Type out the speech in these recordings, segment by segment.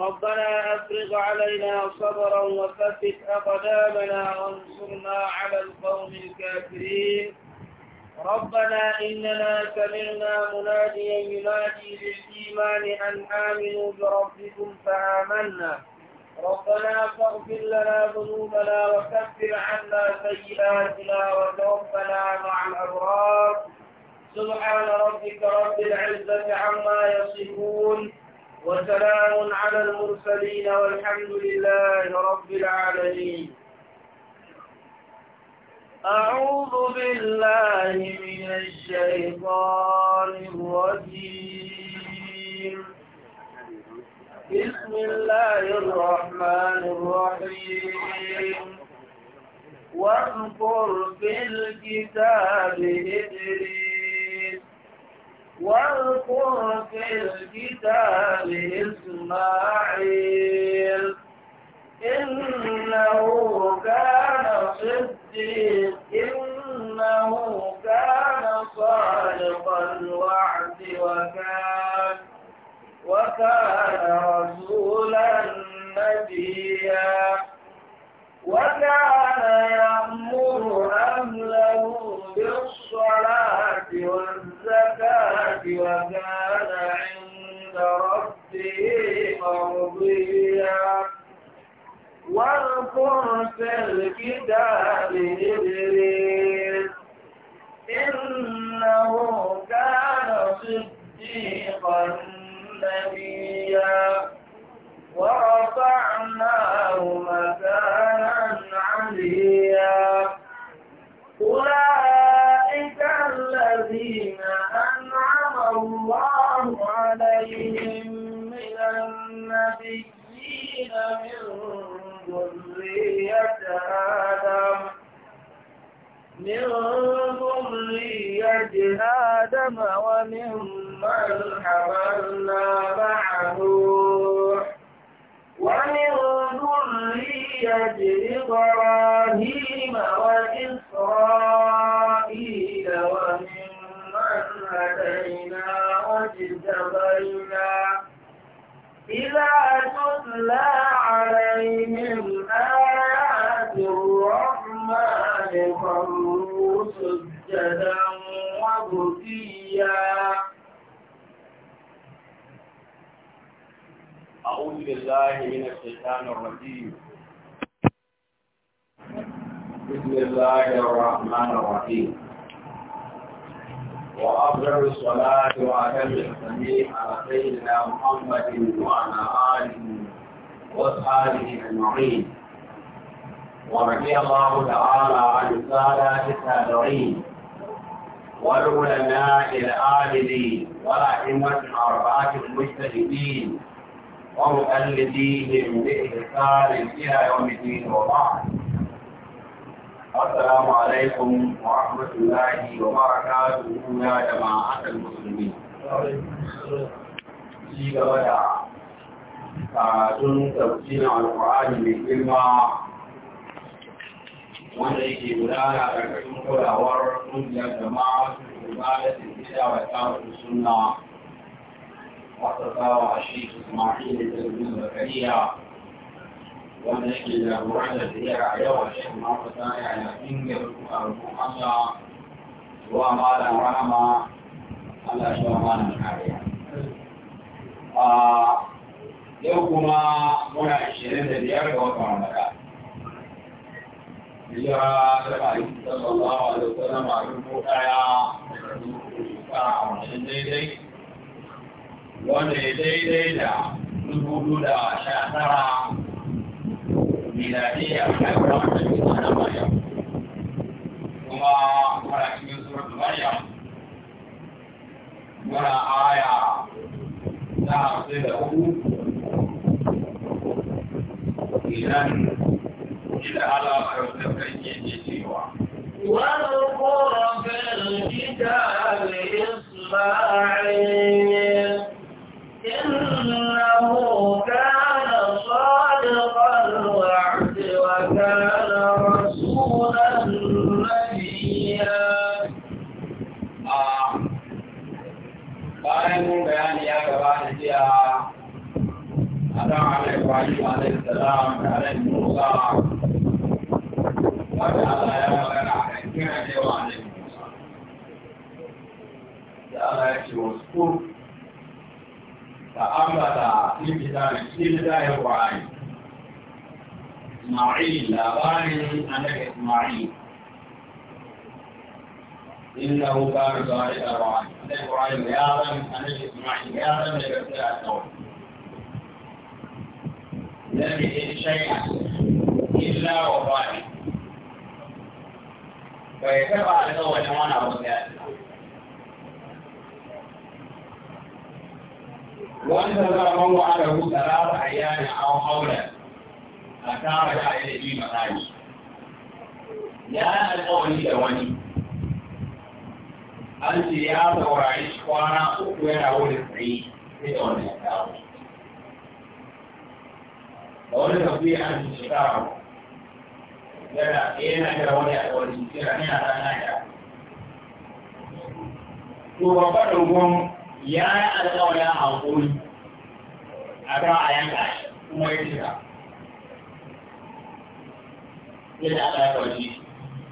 ربنا أفرغ علينا صبرا وثبت أقدامنا وانصرنا على القوم الكافرين ربنا إننا سمعنا مناديا ينادي للإيمان أن آمنوا بربكم فآمنا ربنا فاغفر لنا ذنوبنا وكفر عنا سيئاتنا وتوفنا مع الأبرار سبحان ربك رب العزة عما يصفون وسلام على المرسلين والحمد لله رب العالمين أعوذ بالله من الشيطان الرجيم بسم الله الرحمن الرحيم واذكر في الكتاب إدريس واذكر في الكتاب إسماعيل إنه كان صديق إنه كان صادق الوعد وكان وكان رسولا نبيا وكان يأمر أهله بالصلاة والزكاة الزكاة وكان عند ربه مرضيا واذكر في الكتاب إدريس إنه كان صديقا نبيا ورفعناه مكانا عليا من ذرية آدم من وممن حملنا مع ومن ذرية إبراهيم وإسرائيل وممن هدينا واجتبينا إذا تتلى عليهم آيات الرحمن خروا سجدا وبكيا أعوذ بالله من الشيطان الرجيم بسم الله الرحمن الرحيم وأفضل الصلاة وأتم التسليم على سيدنا محمد وعلى آله وأصحابه أجمعين ورضي الله تعالى عن السادة التابعين والعلماء العاملين والأئمة الأربعة المجتهدين ومؤلفيهم بإحسان إلى يوم الدين وبعد السلام عليكم ورحمة الله وبركاته يا جماعة المسلمين ci gaba da karatun tafsirin alkur'ani mai girma wanda yake gudana ƙarƙashin kulawar ƙungiyar jama'a su ibada da gida wa tsarin suna wata tsawa a shi Ismail da Zakariya wanda yake jagora da yawa tafiya a yau a cikin mafasa yaya ingiyar kuka rukun Allah zuwa malam rahama Allah shi wa malam kariya. Yau kuma muna shirin da biyar ga wata ramada. Biya da bari sallallahu alaihi wasallam a rubu daya da rubu a wajen daidai wanda ya daidai da rubu da sha tara ميلادية حيوان مريم وما فرق من سورة مريم ولا آية تعصده إذن إذا هذا فرق واذكر في الكتاب إسماعيل إنه كان cikakken bayani ya gabata jiya a kan hannun kwayi a nan salam da nan musa wanda Allah ya magana a kan kira cewa nan musa da Allah ya ce wasu ta ambata cikin zayen kwayi Ismail labarin annabi Ismail إنه كان صاحب أرواح أنا إبراهيم يا رب أنا إسماعيل يا رب لقد أتوا لم يجد شيئا إلا وفاني فيتبع الأول وأنا وكان وانتظر من وعده ثلاث أيام أو حوله أتى رجع إليه مكاني يا الأولي الأولي an ce ya saurari shi kwana uku yana wurin tsaye sai da wani ya dawo da wani tafi an ce shekara yana yana kira wani a wani kira ne a ranar ya to da dogon ya yi alƙawarin hankali. a kan a yanka shi kuma ya shiga yadda aka yi kwanci,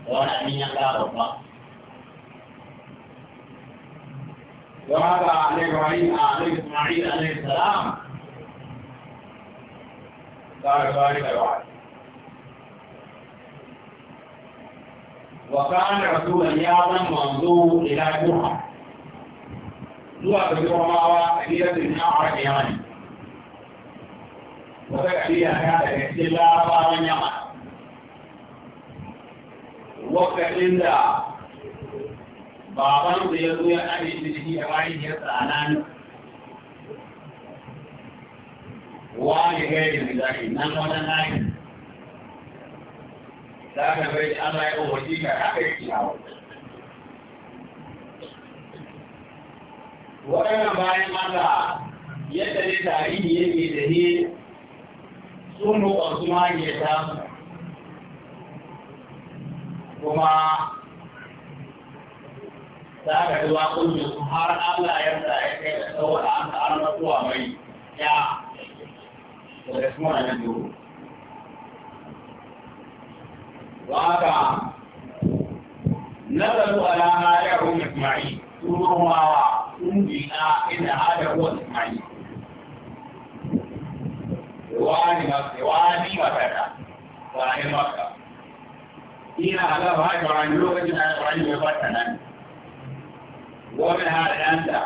da wani abin yanka babba وهذا على على إسماعيل عليه السلام وكان رسول اليابا منظور إلى جوحة جوحة جوحة ماوى هي من أعرى يعني وكان فيها هذا الاحتلال على اليمن وكان عند baban da ya zo ya amince da shi da mahaifiyarsa a nan wani gairi da zafi nan wani nari za ka bai da Allah ya umarci ka haka yake yawo waɗannan bayan Allah yadda ne tarihi yake da ne sun roƙa su mahaifiyarsa kuma za ka ji waƙoƙin su har Allah ya sa ya kai da saboda an ta an rasuwa mai ya daga kuma nan duro. Waka nazaru ala hadahu Isma'il sun rumawa sun bina inda hadahu Isma'il. Wani masu wani masaka, wani maka. Ina ga ba ta wani lokacin da ya fata nan. ومن هذا أنت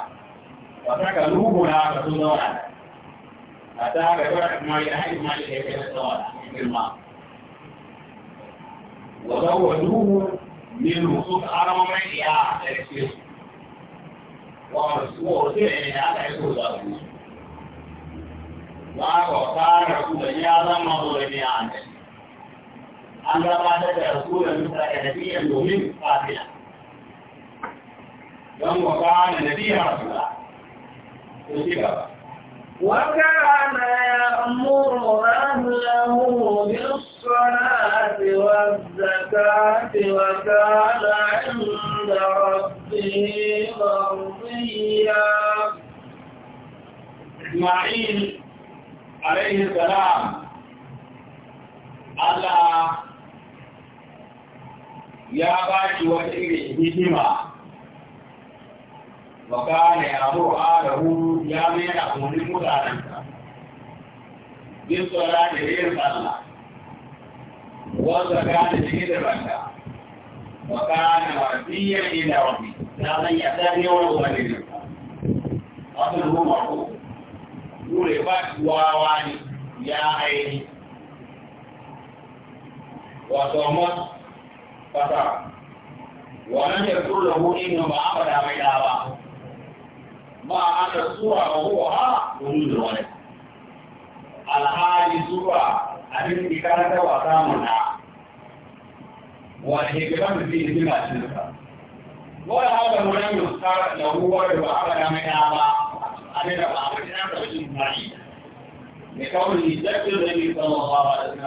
وتكلوبنا كسودونا أتاك يورك ما يحيي ما يحيي كسودونا في الماء وزوجوه من وصول أرمى من إياه تكسير وأرسل إلى هذا يسوع وأقوى صار رسول الله ثم رسول الله أن تبعث رسولا مثل نبيا يؤمن قاتلا وكان يأمر أهله بالصلاة والزكاة وكان عند ربه مرضيا إسماعيل عليه السلام الله يا باشي وإلي هدمه وكان يأمر أهله يا من يكون مدانا بالصلاة غير صلاة والزكاة غير زكاة وكان مرضيا إلى ربي هذا يأتاني وهو مدينة أصله مرفوع ولبت واواني يا عيني وصمت فترة ولم له إنما أبدا ميلابا ما أن الصورة وهوها وجود الولد الحالي صورة أبن إكارة وطامنا والهجرة في إذنها شركة وهذا مهم مختار له ورد أبدا من أبا أبدا بأبدا بأبدا بأبدا لكون يذكر النبي صلى الله عليه وسلم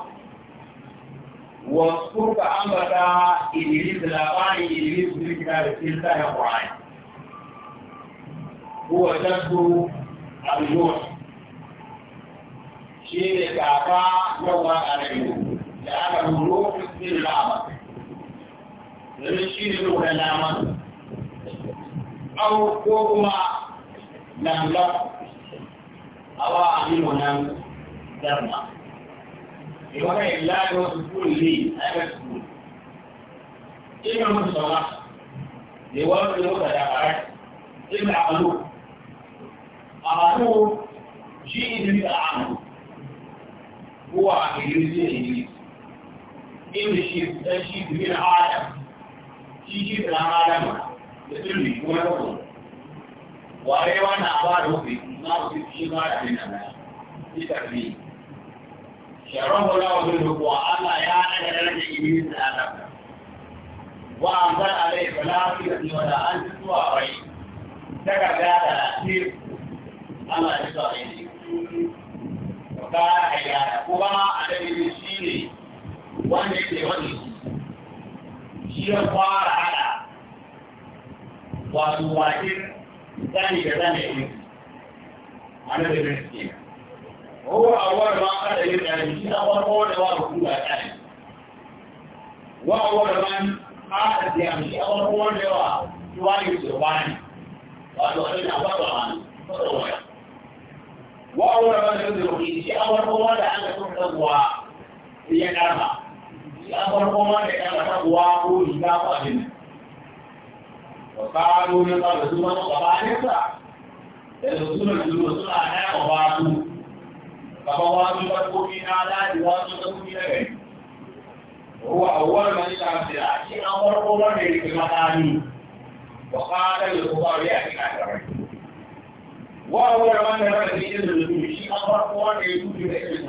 wasu ka ambata Idris labarin Idris ne kira da cikin tsarin Qur'ani huwa jaddu al-Yunus shi ne kaka yawa a rayu da aka rulo cikin lama domin shi ne lokacin lama au ko kuma lamlam awa aminu nan darma لوضع اللام لي أنا سكون إما مصطلح لوضع المتدابرات إما عقلوه عقلوه شيء من العمل هو عقلية الإنجليز إن الشيء ده شيء من العالم شيء شيء من العالم يسلمي ولا يقول وأيوة شرفه له بالركوع أما يا أنا لم إبليس آدم وأنزل عليه فلاسفة ولا أنت سوى غير ذكر هذا الأسير أما إسرائيل وقال حيانا كما الذي يشيني وأن يكتبني شيء صار على وأن يواجه ثاني كذلك أنا بالنسبة هو أول ما قد يدعي أول قول ورسول أتعي وأول من قاعد يمشي أول قول وسواني سواني وأدخلنا بطرا بطرا وأول من يدعي يمشي أول قول أن تكون تقوى هي كرمة أول قول أن تقوى هو إجابة منه وقالوا من قبل ثم قبائل الرسول الرسول أنا وبعضه kama wasu farkoki na ala da wasu هو أول من يتعبد شيء أمر أمر في المكان وقال للكفار يا أخي الأكبر وأول من يرد في إذن أمر أمر في الوجود في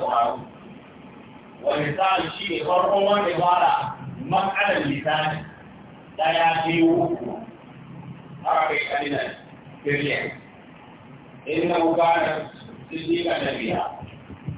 أمر أمر في الوارع مسألة اللسان لا يأتي وقوع إنه كان صديقا نبيا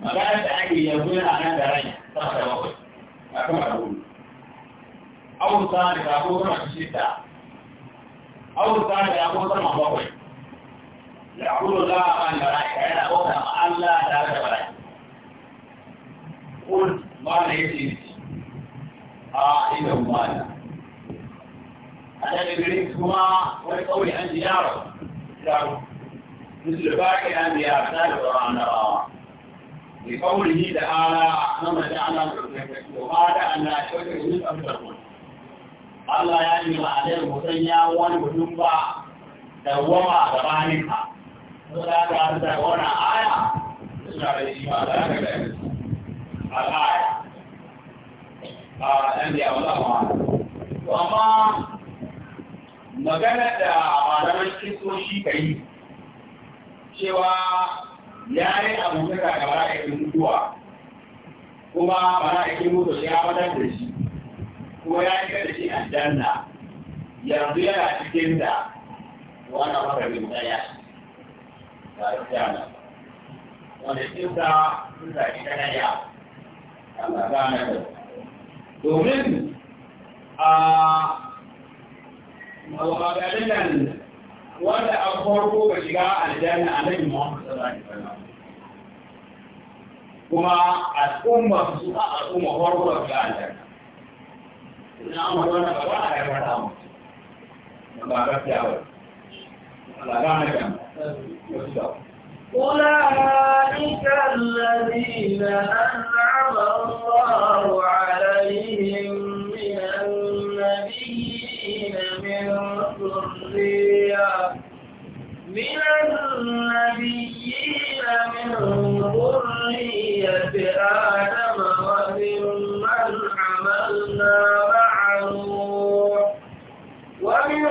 magana da ake yanzu yana nan da rai sama da bakwai a kan abubu abubu sama da kafo sama shida abubu sama da kafo sama bakwai da abubu za a kan da rai yana bauta ma Allah tare da rai kun ba na yi ce a ina umana a da ibirin kuma wani kawai an ziyara da musulba ke an ziyara ta da tsoron annabawa لقوله تعالى أحلم جعل وقال أن لا شرك من أبدكم Allah ya yi ma'adar mutum ya wani mutum ba da wama da baninka, su da ka da wani aya, su da da shi da aka kai al'aya, a ɗan zama. Amma magana da ka yi, cewa ya yi abubuwa ga bara'ikin mutuwa kuma bara'ikin mutu ya wadar da shi kuma ya yi da shi aljanna yanzu yana cikin da mara bin daya da rufiyana wanda cinta sun zaki ta daya a gane da domin a nan. wanda a farko ba shiga aljanna annabi Muhammad sallallahu kuma al'umma su a al'umma farko ba shiga aljanna ina amma wannan ba wani ya fara mu ba ga tiyawa Allah ga na kan أولئك الذين أنعم الله عليهم من النبيين من ذرية من النبيين من ذرية آدم وممن حملنا مع نوح ومن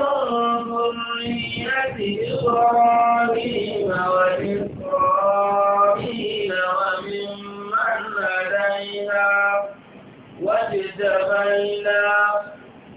ذرية إبراهيم وإسرائيل وممن هدينا واجتبينا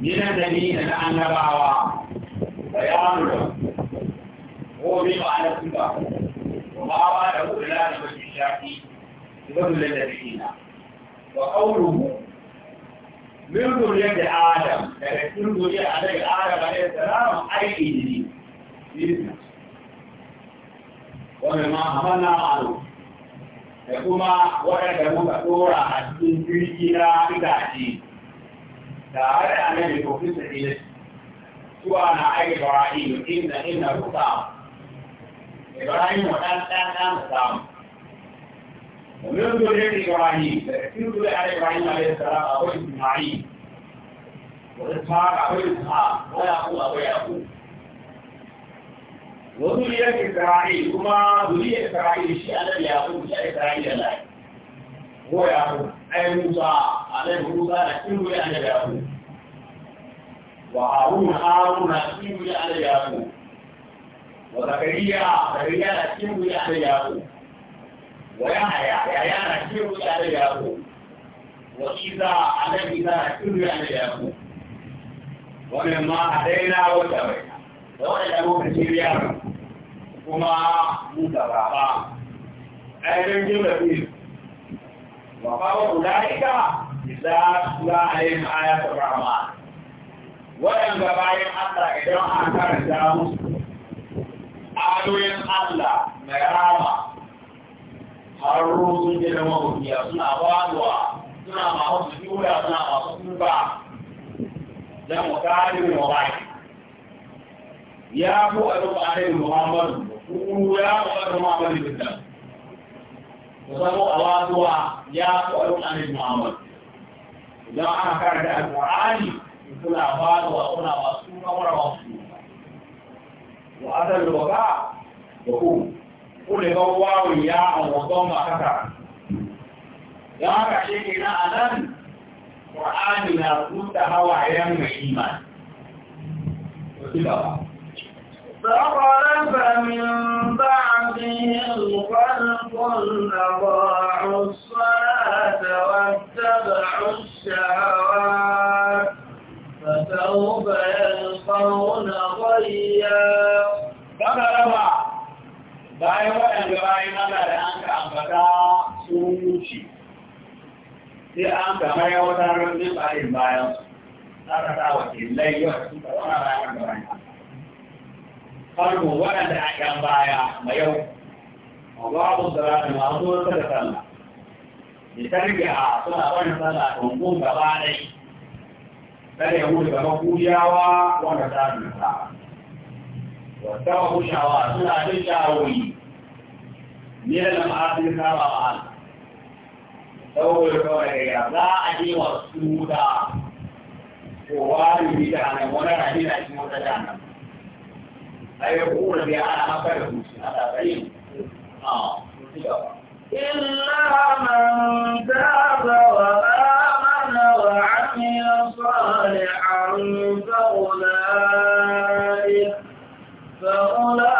من الذين أنبعوا بيان هو بمعنى السبع وما وعده إلا نبت الشافي ذل الذين وقوله من ذرية آدم لكن يعني ذرية عليه آدم عليه السلام أي إجري ومما حملنا معه da kuma waɗanda muka ɗora a cikin jirgin na itace tare da annabi ko fi sirri zuwa na ai Ibrahim inna inna ruta Ibrahim wadan dan dan samu ومن ذرية إبراهيم فكثير ذرية على إبراهيم عليه السلام أبو إسماعيل وإسحاق أبو إسحاق ويعقوب أبو يعقوب وذرية إسرائيل كما ذرية إسرائيل شيء أنا يعقوب شيء إسرائيل لا هو يعقوب أي موسى عليه موسى لكنه يعني يعقوب وهارون هارون لكنه يعني يعقوب وزكريا زكريا لكنه يعني يعقوب ويحيى يحيى لكنه يعني يعقوب وإذا عليه إذا لكنه يعني يعقوب ومما هدينا وتبينا وإلى مكتب يعقوب وما متبعا أي من جملة وقالوا أولئك إذا تتلى عليهم آيات الرحمن وإن باين الله إذا أنكر الجاموس آيوين الله مرامة harro sun je da mahudiya suna faduwa suna masu sujuda suna masu kuka dan wakali ne wakali ya ku a duk alaihi muhammadu ku ya ku a duk muhammadu bin وصلوا أواتوا يقولون عن المعامل إذا أنا كانت القرآن يقول أباد وأنا وأسونا وأنا وأنا الوقاء يقول قل بواو يا وضم كفر يا كشيء أنا قرآن لا بد هو علم إيمان وكذا فخلف من بعدهم خلف أضاعوا الصلاة واتبعوا الشهوات فسوف يلقون غيا فخلف bayan waɗanda bayan Allah da an ka sun wuce sai an ka mai bayan bayan su, ta ta farko waɗanda a ƴan baya ma yau babu salatu masu wata da sallah da tarbiya suna wani sallah tunkun gaba ɗai kada ya wuce gaba kujawa wanda ta dusa wata kushawa suna jin shawoyi ne da ma'asir saba ma'al saboda kawai ya za a je wa su da kowa da wani rahina cikin wata jihar ayé kúrò bí ara má bẹ̀rẹ̀ kù sí ara bẹ̀rẹ̀ yìí. Ilé àmà ń dábà wà láàmà náà wà á ní ọ̀sọ́rẹ̀ àrùn gbọ́wọ́lá ìgbà ọ̀la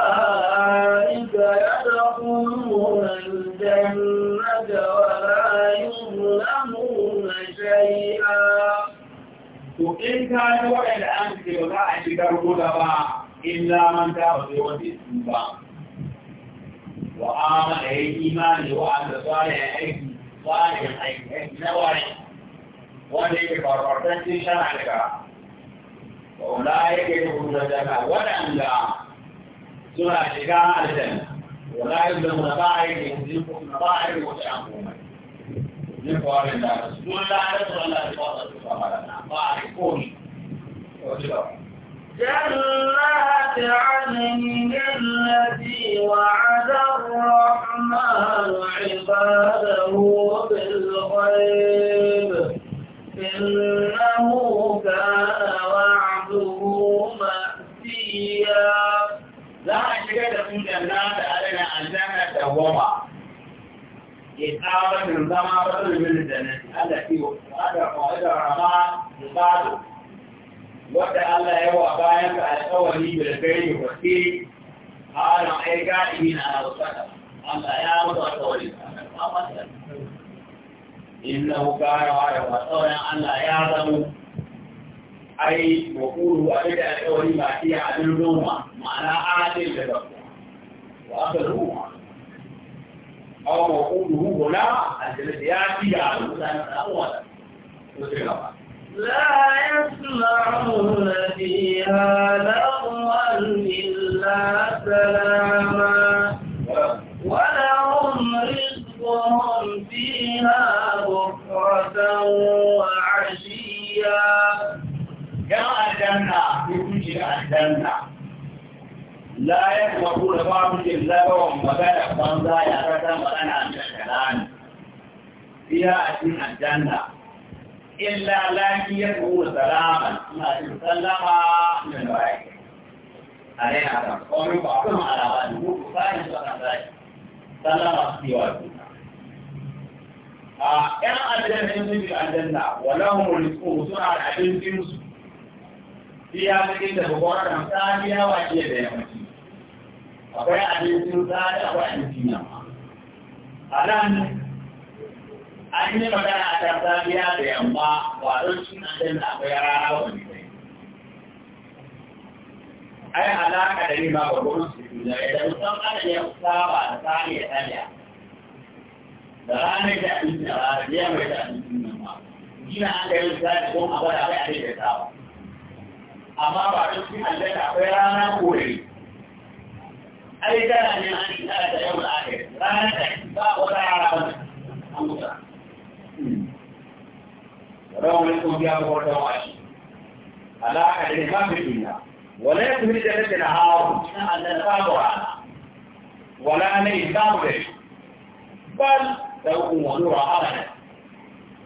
ìgbà yádọ́kùn múra ìjẹ́ nájà wà láàyè múra múra ìṣẹ́ ìhà. إلا من تاب وتوب وآمن أي إيمان وعمل صالح أي صالح أي أي نوعي وليك فرقتن في شرعك وأولئك يدخلون الجنة ولن لا سنة شكاء الجنة ولا يظلمون طائر يهزمكم طائر وتعمون من قوار الله رسول الله رسول الله صلى الله عليه وسلم طائر كوني وجبه جنات عدن التي وعد الرحمن عباده بالغيب إنه كان وعده ماسيا لا شك تكون جنات علينا الجنة دوما إقامة زمان رجل من الجنة التي وعد الرحمن عباده wanda Allah ya wa bayan da alƙawari da kai ne wasi ana ai gadi na alƙawari Allah ya mutu alƙawari innahu kana wa ya wasauran Allah ya zamu ai wa qulu wa ida alƙawari ba ti adin roma ma'ana adil da gaskiya wa aka roma aw wa qulu huna aljanna ya ti ga mutane da Allah to sai gaba لا يسمعون فيها لغوا إلا سلاما ولهم رزقهم فيها بكرة وعشيا كما أجلنا يكون أجلنا لا يسمعون بعض إلا بهم وبدأ بانزا يا رجل وأنا أجلنا إلا لكن يكون سلاما لكن سلم من بعيد علينا هذا ومن بعضهم على بعضهم فإن سلم ذلك سلم سوى ‘Yan aljanna sun fi aljanna, walahun mulku suna da abincin su, iya cikin da bukwara da saniya wa iya da yammaci, akwai abincin sani akwai abincin yamma. A nan an yi magana a kan safiya da yamma ba don cin aljanna akwai rana wani ne ai alaka da rima ba gurin su yi da idan san ana ya saba da tsari ya tsariya da ranar da abinci da ranar da yamma da abinci nan ma gina an da yin tsari ko a gwada bai abin da saba amma ba don cin aljanna akwai rana ko rai ai kana ne an yi tsara wani kungiya ko wata washi ala kadin kafin duniya wala ya kuma da rage na haru na annan sabuwa wala na yi samu da shi bal da hukun wani wa abada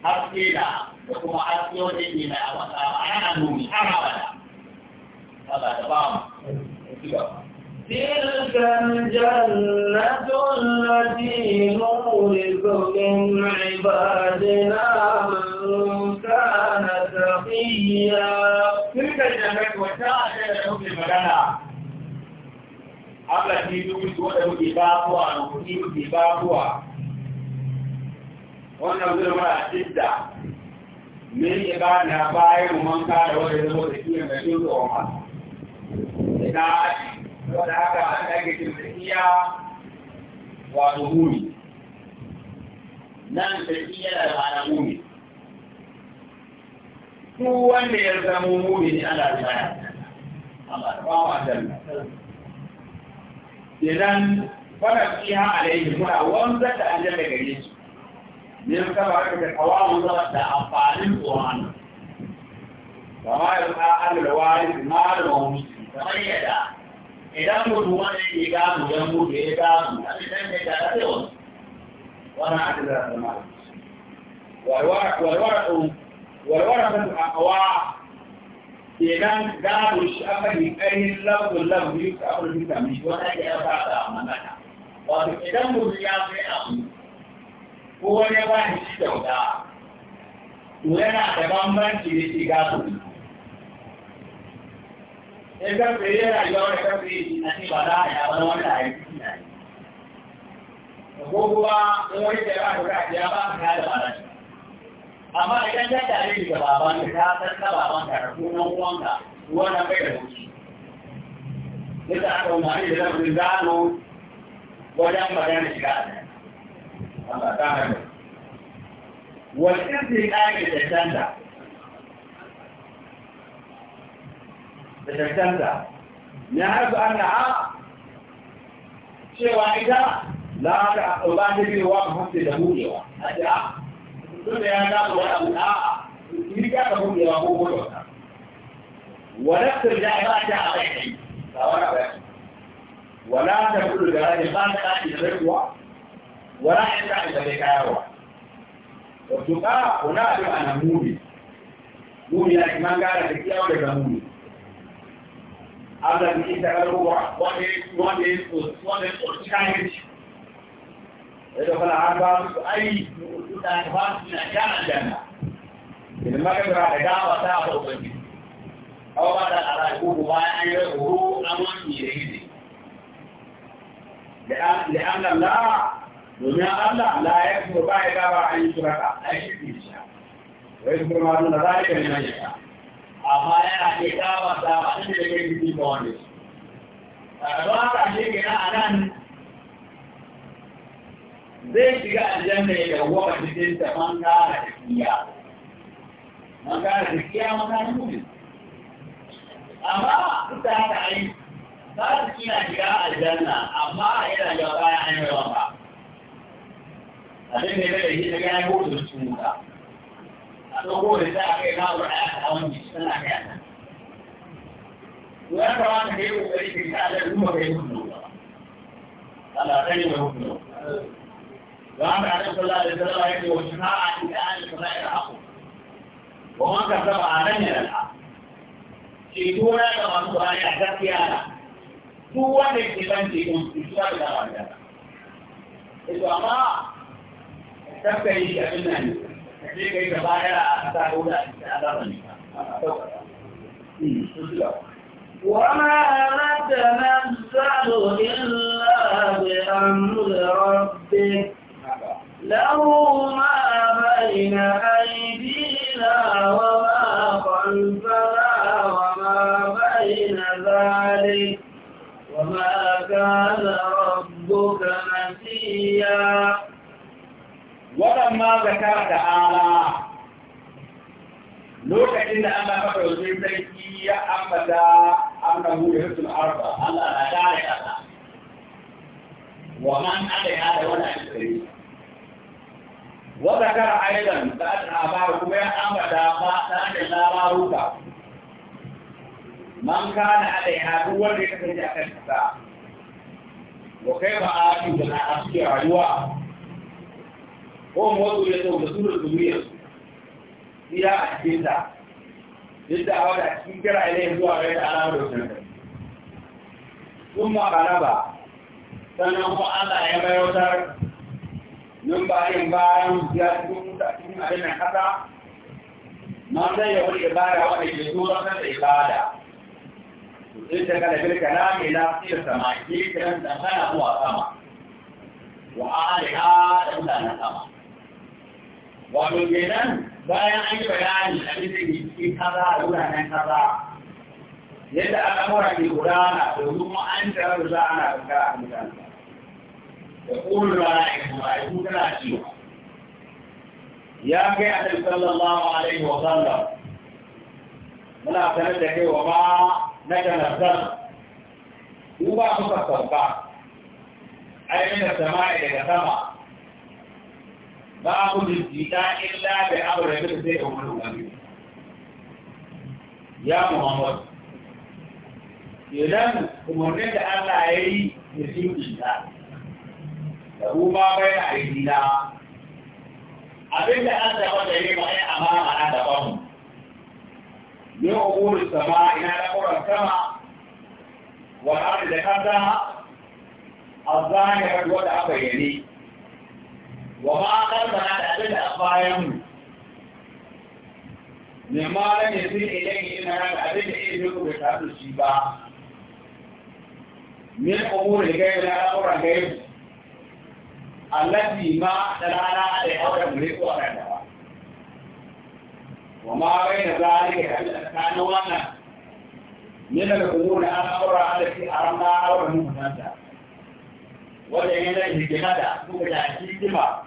haske da da kuma haske wani ne mai abada a yana nuni har abada Allah ta ba mu. تلك الجنة التي نورثكم عبادنا من كان تقيا تلك الجنة وتعالى لهم المدنة Allah shi duk wanda muke babuwa da kuɗi muke babuwa wannan zulma a shidda min ibada bayan manka da wanda ya zama da kiyan da kiyan da wama da wanda haka an ake cin tsakiya wato muni nan tsakiya da ma'ana muni duk wanda ya zama muni ne ana tsaya amma ba ma dalla idan fara fiha alaihi muna wanzar da an jalla gare su ne muka ba ka da kawamun zama da amfanin tsoron kama yadda an da wani malumin kamar yadda idan mutu wani ya gamu ya mutu ya gamu a cikin ne da da wani wani a cikin da mara warwara sun akawa idan gamu shi aka yi ƙarin lafin lafin yi ka abin da mai shi wani ake yaba da manana wato idan mutu ya sai abu ko wani ya ba shi kyauta to yana da bambanci da shi gamu in ka a ba za a yi wanda a yi ciki na yi ko kuma wani ba ya ba ba shi amma idan ka tare da baban ka san ka baban ka ko nan uwanka wannan bai da wuce yadda aka umarni da zan zano wajen magana shiga a nan amma ta hanyar wasu da canza تشكلت نعرف أنها cewa ita la ta ba ta bi wa ba ta da hudewa a da tun da ya ga wa abu a ni ka ka hudewa ko ko ta wala ta da ba ta a bai ta wala ba wala ta kullu da ya ba ta da ruwa wala ta da da kayawa to ka kuna da anamuri mumi ya kimanga da kiyawa da mumi الذي تبلغ وإيه دخل عباس أي عباس من أحكام الجنة لما كبر عداوة تاخذ بني أو بعد على يقول ما يره أمن يريد لأن لأن الله دنيا الله لا يكفر بعد عن شركاء أي شيء ويذكر ما دون ذلك من الشركاء amma yana ke kama sama ɗin da ke jiki wani don haka shi ke a nan zai shiga da ya dawowa cikin ta man gara da kiya man gara da kiya man gara muni amma duk haka ai za su kina shiga na amma yana da bayan an yi ba abin da ya da shi ta gane ko da su mutu الأمور إذا أخي ناظر على أوني سنة كذا وأنا أنا في وقتي في هذا الأمور يقولون ألا غني يقولون وأنا على صلى الله عليه وسلم يقول وشفاعة كان صلى الحق وما كذب علينا الحق شيطونا كما سؤال يحدث يانا هو نكتبان شيطون في سؤال الأمر إذا ما تبقى يشأ بالنسبة je ka yi gaba ɗaya a sa ko da a cikin azaba ne وما نتنزل إلا بأمر ربك له ما بين أيدينا وما خلفنا وما بين ذلك وما كان ربك نسيا waɗamma zaka da ala lokacin da Allah maka wajen sarki ya ambata mu da hisul arba Allah na kare kasa wa man alaiha da wani alkari wata kar aidan da an labaru kuma ya ambata ba ta da labaruka man kana alaiha duk wanda ya kasance a kan kasa wa kai ba a cikin da na aske rayuwa ko motsu ya tsawo da sunar duniyar iya a ta yadda a wada cikin kira ilayin zuwa ga yadda alamar da wucin kai sun ma ba sannan kuma allah ya bayautar nan bayan bayan ya cikin mutu cikin abin nan kasa ma zai yawon ibada wanda ke tsoron da ibada إنك لبلك لا إلى في السماء إنك لن تنسى هو ń وآلها لن تنسى wato kenan bayan an yi bayani a cikin jiki kaza a wuraren kaza yadda al'amura ke gudana domin mu an tarar za ana fita a mutane da ƙunin rana ikuma a yi tana cewa ya kai a ɗan sallallahu alaihi wa sallam muna sanar da kai wa ba na ganazar ku ba muka sauka ai da sama daga sama babu jita illa bi abu da sai umar ubangi ya muhammad idan umarnin da Allah ya yi da shi jita da kuma bai na aiki abin Abinda an zama da yi bayan amana na daban yin umuri sama ina da kuran sama wa da kasa a zahirar wadda aka yi وما خلفنا تعدد أخبارهم مما لم يصل إليه إن هذا تعدد إليكم بشهادة الشفاء من أمور الغيب لا أمر الغيب التي ما دلانا عليها وتملك وغيرها وما بين ذلك كان وانا من الأمور الأمر التي أرمنا أو المهتدى وجعلنا الهجنة ثم تأتي الجماعة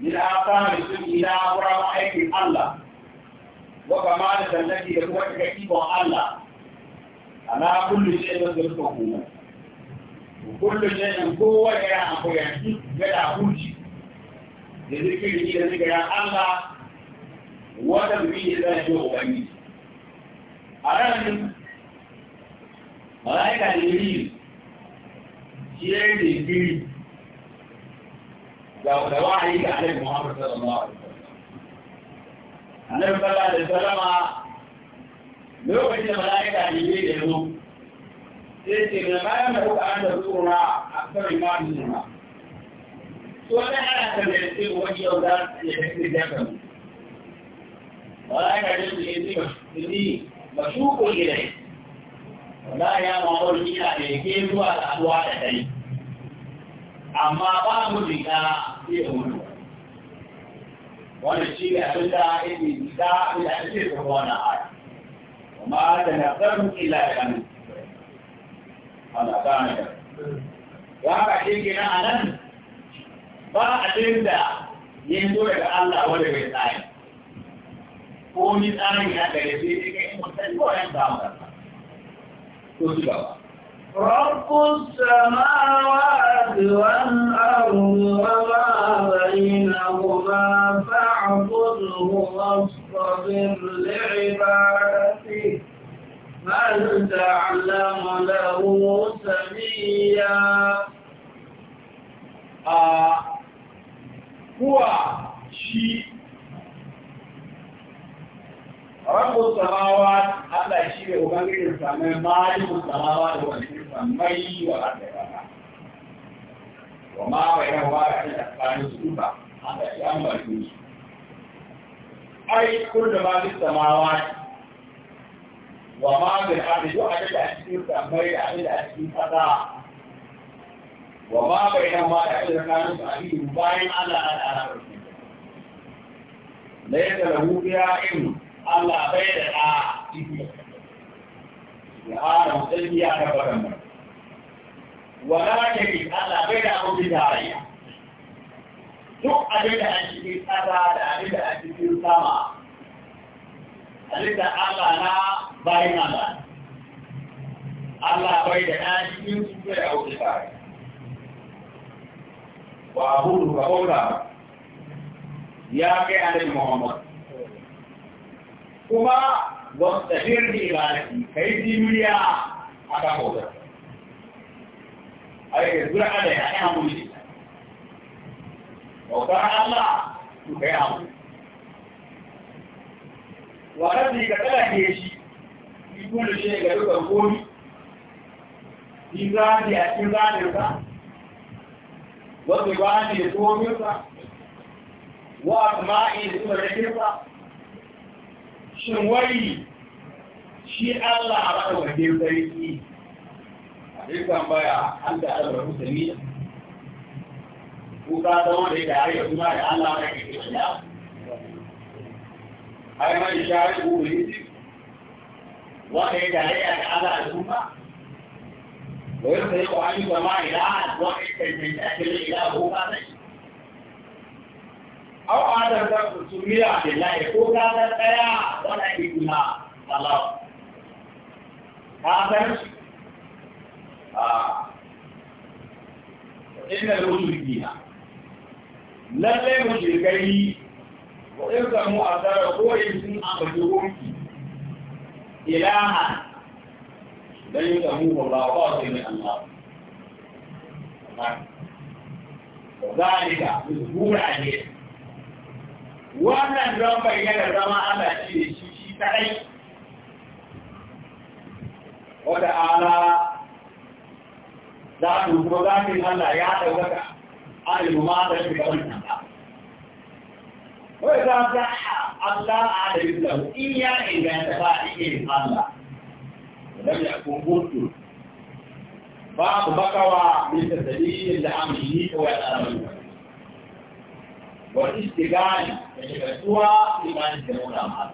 من آثار الدنيا وراء أيدي الله وكمال الذي يكون كتيب الله أنا كل شيء يدركه وكل شيء هو يا أبو يعقوب يا أبوجي يذكر لي ذكر الله وتنبيه ذلك بميز أراني ملائكة جبريل شيء جبريل لو لو عليك عليه محمد صلى الله عليه وسلم النبي صلى الله عليه وسلم lokacin mala'ika ne ne da yau sai ce da bayan da kuka an da tsoro a kan imanin nuna so ta hana ta da yake wani yau za su iya tafi da kan mala'ika ne su yi tsiri ba su ko gida ne wala ya ma wani ina da yake zuwa da abuwa da kai amma ba mu jika iya mutu wannan shi ne abin da ilmi da abin da ake da wannan aya kuma da nazarin ila kan Allah ta ne ya haka shi ke nan anan ba abin da yin zo daga Allah wanda bai tsaya ko ni tsarin ya da ya ce kai mutum ko yan samu Ko shi gaba رب السماوات والأرض وما بينهما فاعبده واصطبر لعبادته هل تعلم له سميا آه هو شيء rabu samawa Allah shi ne ubangijin samai malikin samawa da ubangijin samai wa aka yana wa ma bai yan wa ka da tsakanin su ba Allah shi an bari ni ai kun da malikin samawa wa ma bai abin duk a da cikin samai da abin da cikin fada wa ma bai yan wa ka da tsakanin su abin bayan Allah an ana barci. da lahu ya ilmu Allah bai da ɗa iko ya ara mutum ya ga bakan nan wala ke ki Allah bai da abin tarayya duk abin da an cikin ƙasa da abin da an cikin sama abin da Allah na bayan Allah Allah bai da ɗa cikin su bai da abin tarayya wa abu da ya kai annabi Muhammad kuma ba su tafiyar da ibaraki ka yi jimiriya a kan bautar a yi zura ala ya yi hamuli bautar Allah su kai hamuli wadanda ka ke shi yi kuma shi ga dukkan komi yi za a za cikin zafinsa wasu ba a ne komi kominsa wa a a kuma yi da suna rikinsa shin wai shi Allah a raka wajen sarki a dukkan baya an da Allah musulmi ko ka zama da ya yi kuma da Allah na ke kira ai mai shari ko ne wanda ya dare a da Allah al'umma wai sai ko an yi zama ila wanda ya kai da ila ko ka sai أو هذا الرب سمي بالله يقول هذا الحياة ولا إبنا الله هذا إن المشركين لن المشركين وإن كانوا أثار هو يمكن أن يكون إلها لن يسموه الله باطل من الله وذلك مذكور عليه wannan don bayyana zama Allah shi da shi shi kaɗai wata ala za su kuma zafin Allah ya ɗaukaka alimuma da shi ga wannan ba. Wai za a Allah a da Islam in ya inganta ba a irin Allah. da ya ba babu bakawa min tasalilin da amini kawai ba? والاستبان يتبتوى إيمان الجنود أمال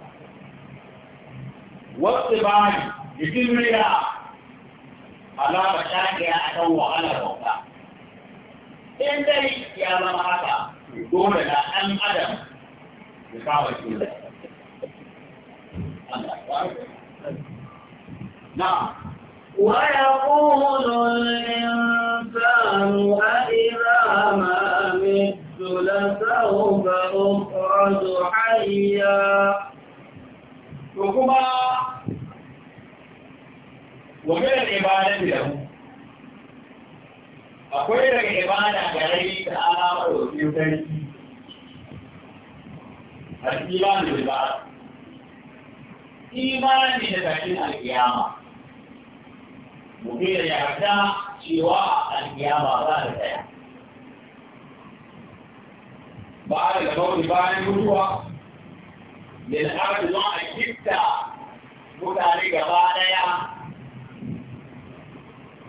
والطبان يتمرنا على مشاكل أتوى على الوقت إن ذلك يا مماتا دولنا أم أدم يقاوة كله نعم ويقول الإنسان أئذا ما مت لسوف أخرج حيا وكما ومن العبادة له akwai daga ibada ga rai da alama da wasu sarki a imanin da imani da tashin alkiyama mutum da yarda cewa alkiyama za ta tsaya بعد الموت bayan mutuwa lil ardi ma akita mutane gaba daya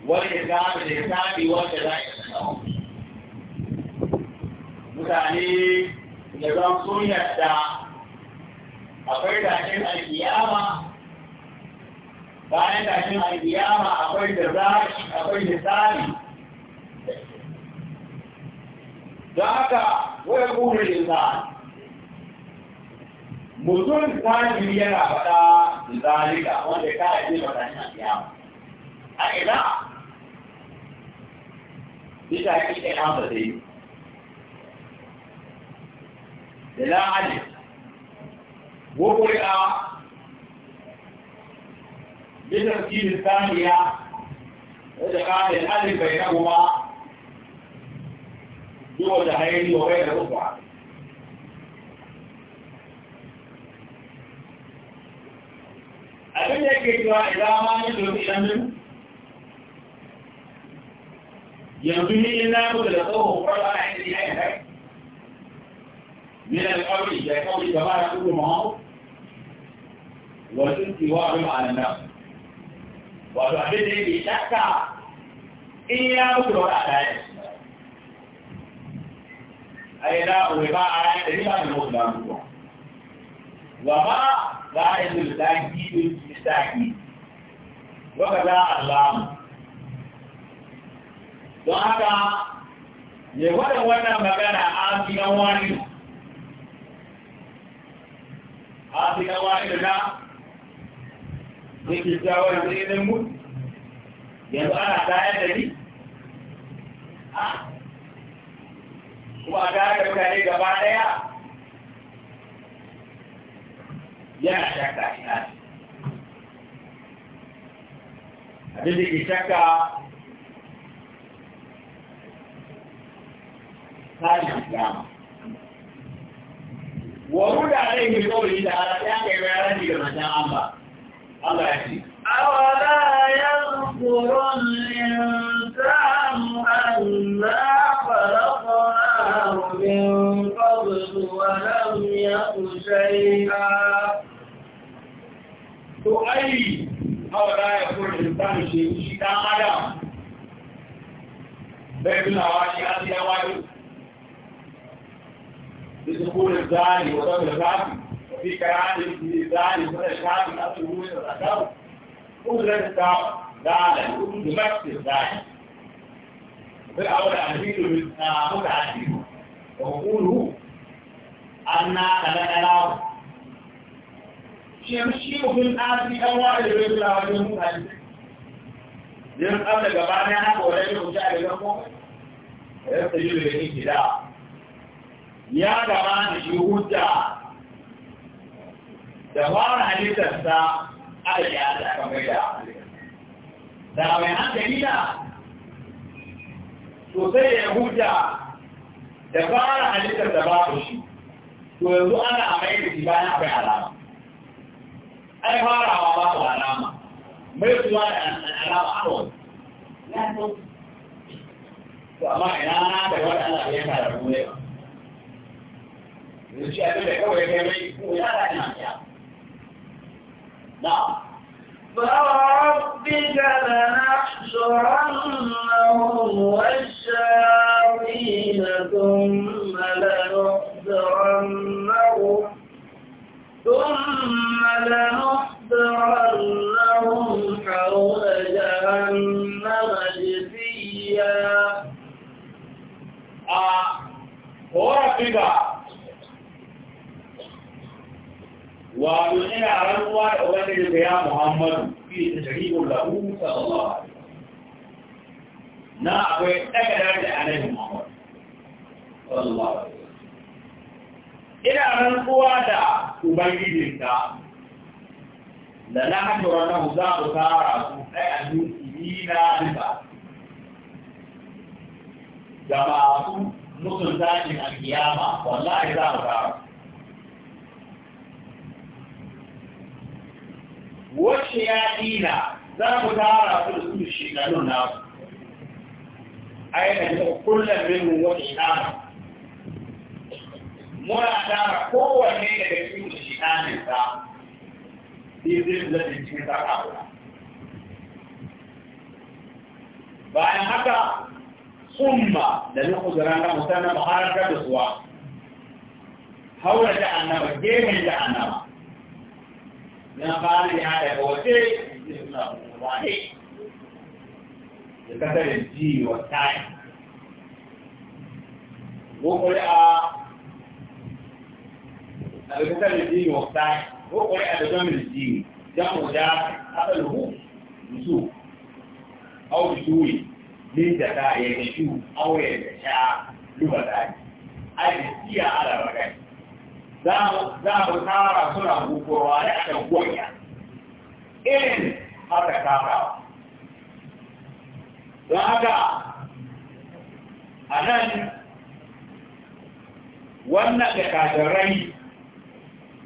wani hisabi da hisabi wanda za a mutane da zan sun yadda akwai tashin alkiyama bayan tashin alkiyama akwai da zaɓi akwai hisabi da aka wai buri da mutum kwanji yana faɗa zalika wanda ka yi mata shi a kiyama a ina ita ki ɗan amsa ta yi da na ajiye gwakwai a bisa cikin kamiya wadda kamiyar alifai na goma دول عين وبين رفعة abin da yake cewa idan ma ni domin idan min yanzu ni ina mutu da tsohon kwarwa na yin yayin kai من القول كقول كما يقول معه والاستواء على النفس وتعبد بشكا إياه كل على ذلك أي لا وباء ربا المطلق وما زائد التأكيد بالتأكيد وكذا اللام don haka ya wada wannan magana a finan wani a finan wani da na yake shawar zai mu yanzu ana tayar da ni kuma a gane da mutane gaba daya yana shakka ina abin da ke shakka tashin kiyama wa ruda alaihi qawli ta'ala ya kai bayani ga manzon Allah Allah ya ce awala yanzurun insan anna khalaqna الله من قبل ولم يك شيئا تؤيد أو لا يكون الإنسان شيء شيئا على بيت الهواشي أتي أوائل بدخول الزاني وضم الغافي وفي كرامة الزاني والإشهاد من أصل هو الأكبر أجرة دعالة لمكس الزاني في الأول أهليل متعدد وقولوا أنا خلقناه يمشي في الأرض أوائل الرجل وجهه مهلك لأن قبل جبان أنا ولا يوجد لكم يستجيب لي كده يا جبان يهودا دوار حديثة أبدا يا كميدا da mai hankali da sosai ya huta da fara halittar da babu shi to yanzu ana a mai da shi bayan akwai alama ai farawa babu alama mai kuwa da alama a wani ya to amma ina na da wani Allah ya fara gure ba yanzu shi abin da kawai kai mai ko ya da ina ya na'am فربك لنحشرنهم والشياطين ثم لنحضرنهم ثم لنحضرنهم حول جهنم جثيا آه، وربك ويثني على الله ويثني يا محمد في تشريف له صلى الله عليه وسلم نا أبي أكد على عليه محمد صلى الله عليه وسلم إلى رنقوا دا أبنجدين دا لنحن نرنا مزاق سارا سوحي أنه سبينا لبا جماعة نصر ذاتي القيامة والله إذا مزاق wacce ya dina za ku tara su da su shekarun nasu yi da kullum minhu wata shekara muna tara kowanne daga cikin da shekarin sa sai zai zula da cikin sarka guda bayan haka summa da nuku zaran ka mutane ba har da suwa haura da annaba gemin da annaba na bani ya daga waje suna wani da kasar ji wa tayi wakuri a da ji wa tayi wakuri a da zamin ji jamu da asal hu musu au bisuwi min da ta ya shu au ya gasha luba tayi a da siya ala bagai za mu kara suna hukowa da aka goya irin haka tara don haka a nan wannan da kadarai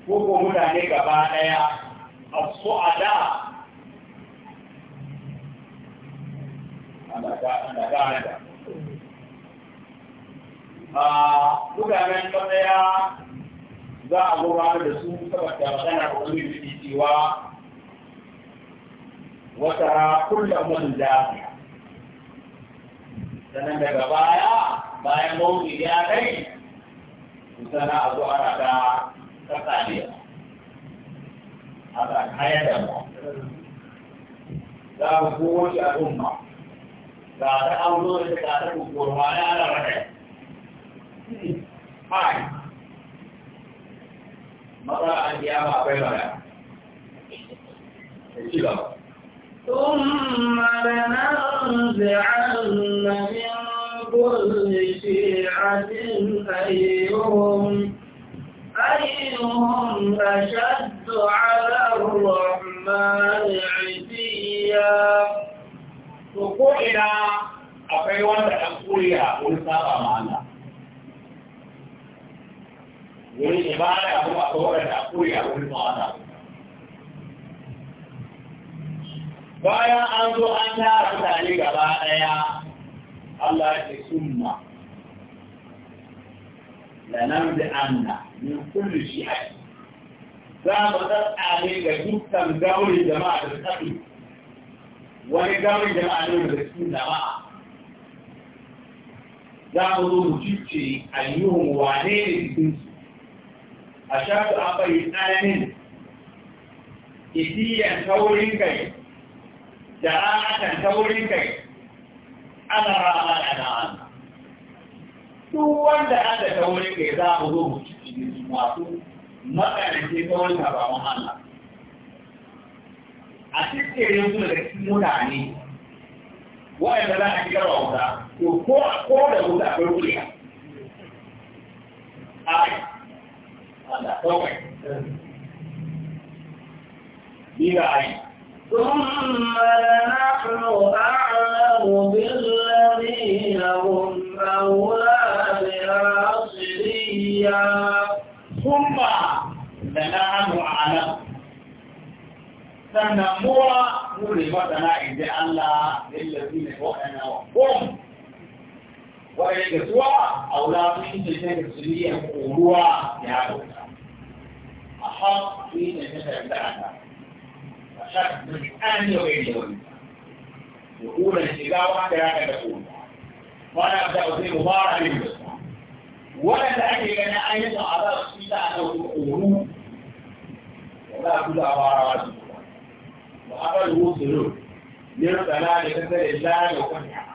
ko ko mutane gaba ɗaya a su a da ah, mutanen ɗaya za a gudanar da su saboda magana da wani da ke cewa wata kullum wani dafiya sannan daga baya bayan mawuni ya kai sana a zo ana ta kasaliya ana kayan da mu za mu kowace al'umma ga ta an zo da ta kasar kukuwar ma ya ana mata mọ́lá àti àwọn àpẹẹrẹ ìṣílọ. Ummàlẹ̀ náà ń zẹ̀ àrùnà ní gbọ́lẹ̀ sí àti ààyè ohun. Ayíhun àṣàtò aláwọ̀ mẹ́rin àti ìyá. Tòkó ìrà àpẹẹrẹ wọ́n tàbí kúrò wurin ibada kuma akwai waɗanda a koya wurin ma'ana bayan an zo an tara mutane gaba ɗaya Allah ya ce summa lanar da anna min kullu shi ake za mu tsatsa ne ga dukkan gaurin jama'a da tsatsi wani gaurin jama'a ne da cikin jama'a za mu zo mu cice ayyuhun wane ne cikin su a shafi an bari tsananin isiyan taurin kai da ra'atan taurin kai ana rama da na'an duk wanda an taurin kai za mu zo mu cikin masu matsanancin taurin karfamin mahala, a cikin yanzu daga cikin mutane waɗanda za a shigar wa wuta ko da wuta akwai kuliya a ثم لنحن أعلم بالذين هم أولى بها ثم لنحن أعلم سنموى نريد أن لا إلا الذين وأنا وهم وإن كسوة أولاد من تلك السرية قولوا يا أحق في نفسك بتاعنا فشك من أن يغير يوم يقول الشباب حتى لا تقول وأنا أبدأ في مبارك للمسلم ولا تأتي لنا أي أعراض فيها أنه قولوا ولا كل أعراض وأقل وصلوا للصلاة لكثر الله وكفها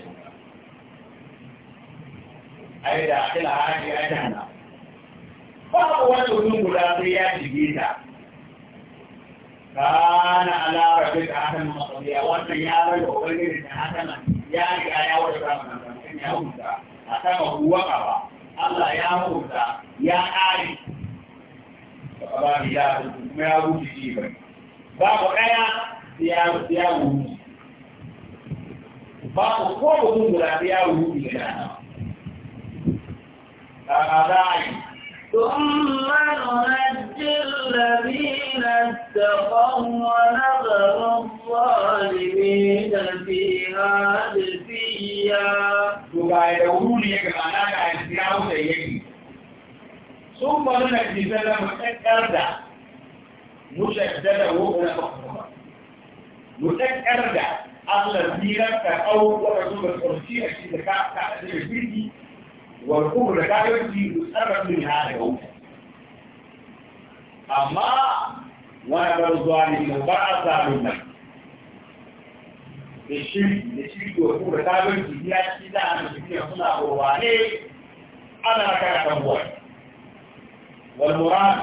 ai da akila hadi ya ta hana babu wani mutum guda sai ya shige ta kana ala rabbi ta hakan masabiya wannan ya bai da ubangiji da hakan ya riga ya wata zamanin kan ya huta a sama huwa ba Allah ya huta ya kare ba ya kuma ya huce shi ba babu daya ya ya huce babu ko mutum guda sai ya huce da hana أبعي ثم ننجي الذين اتقوا ونذر الظالمين فيها جثيا ثم ننجي سلم الأرض مشدده إلى مخصومة متأكد أغلب دينك أو وأزوج الأرسية إذا كانت تعتبر فيه والكفر ده كان يجي من هذا هو اما وانا برضواني مبعثة منك الشيء الشيء هو كذا بيجي يا أنا بيجي أصلاً أبو وعلي أنا أكره أبو وعلي والمراد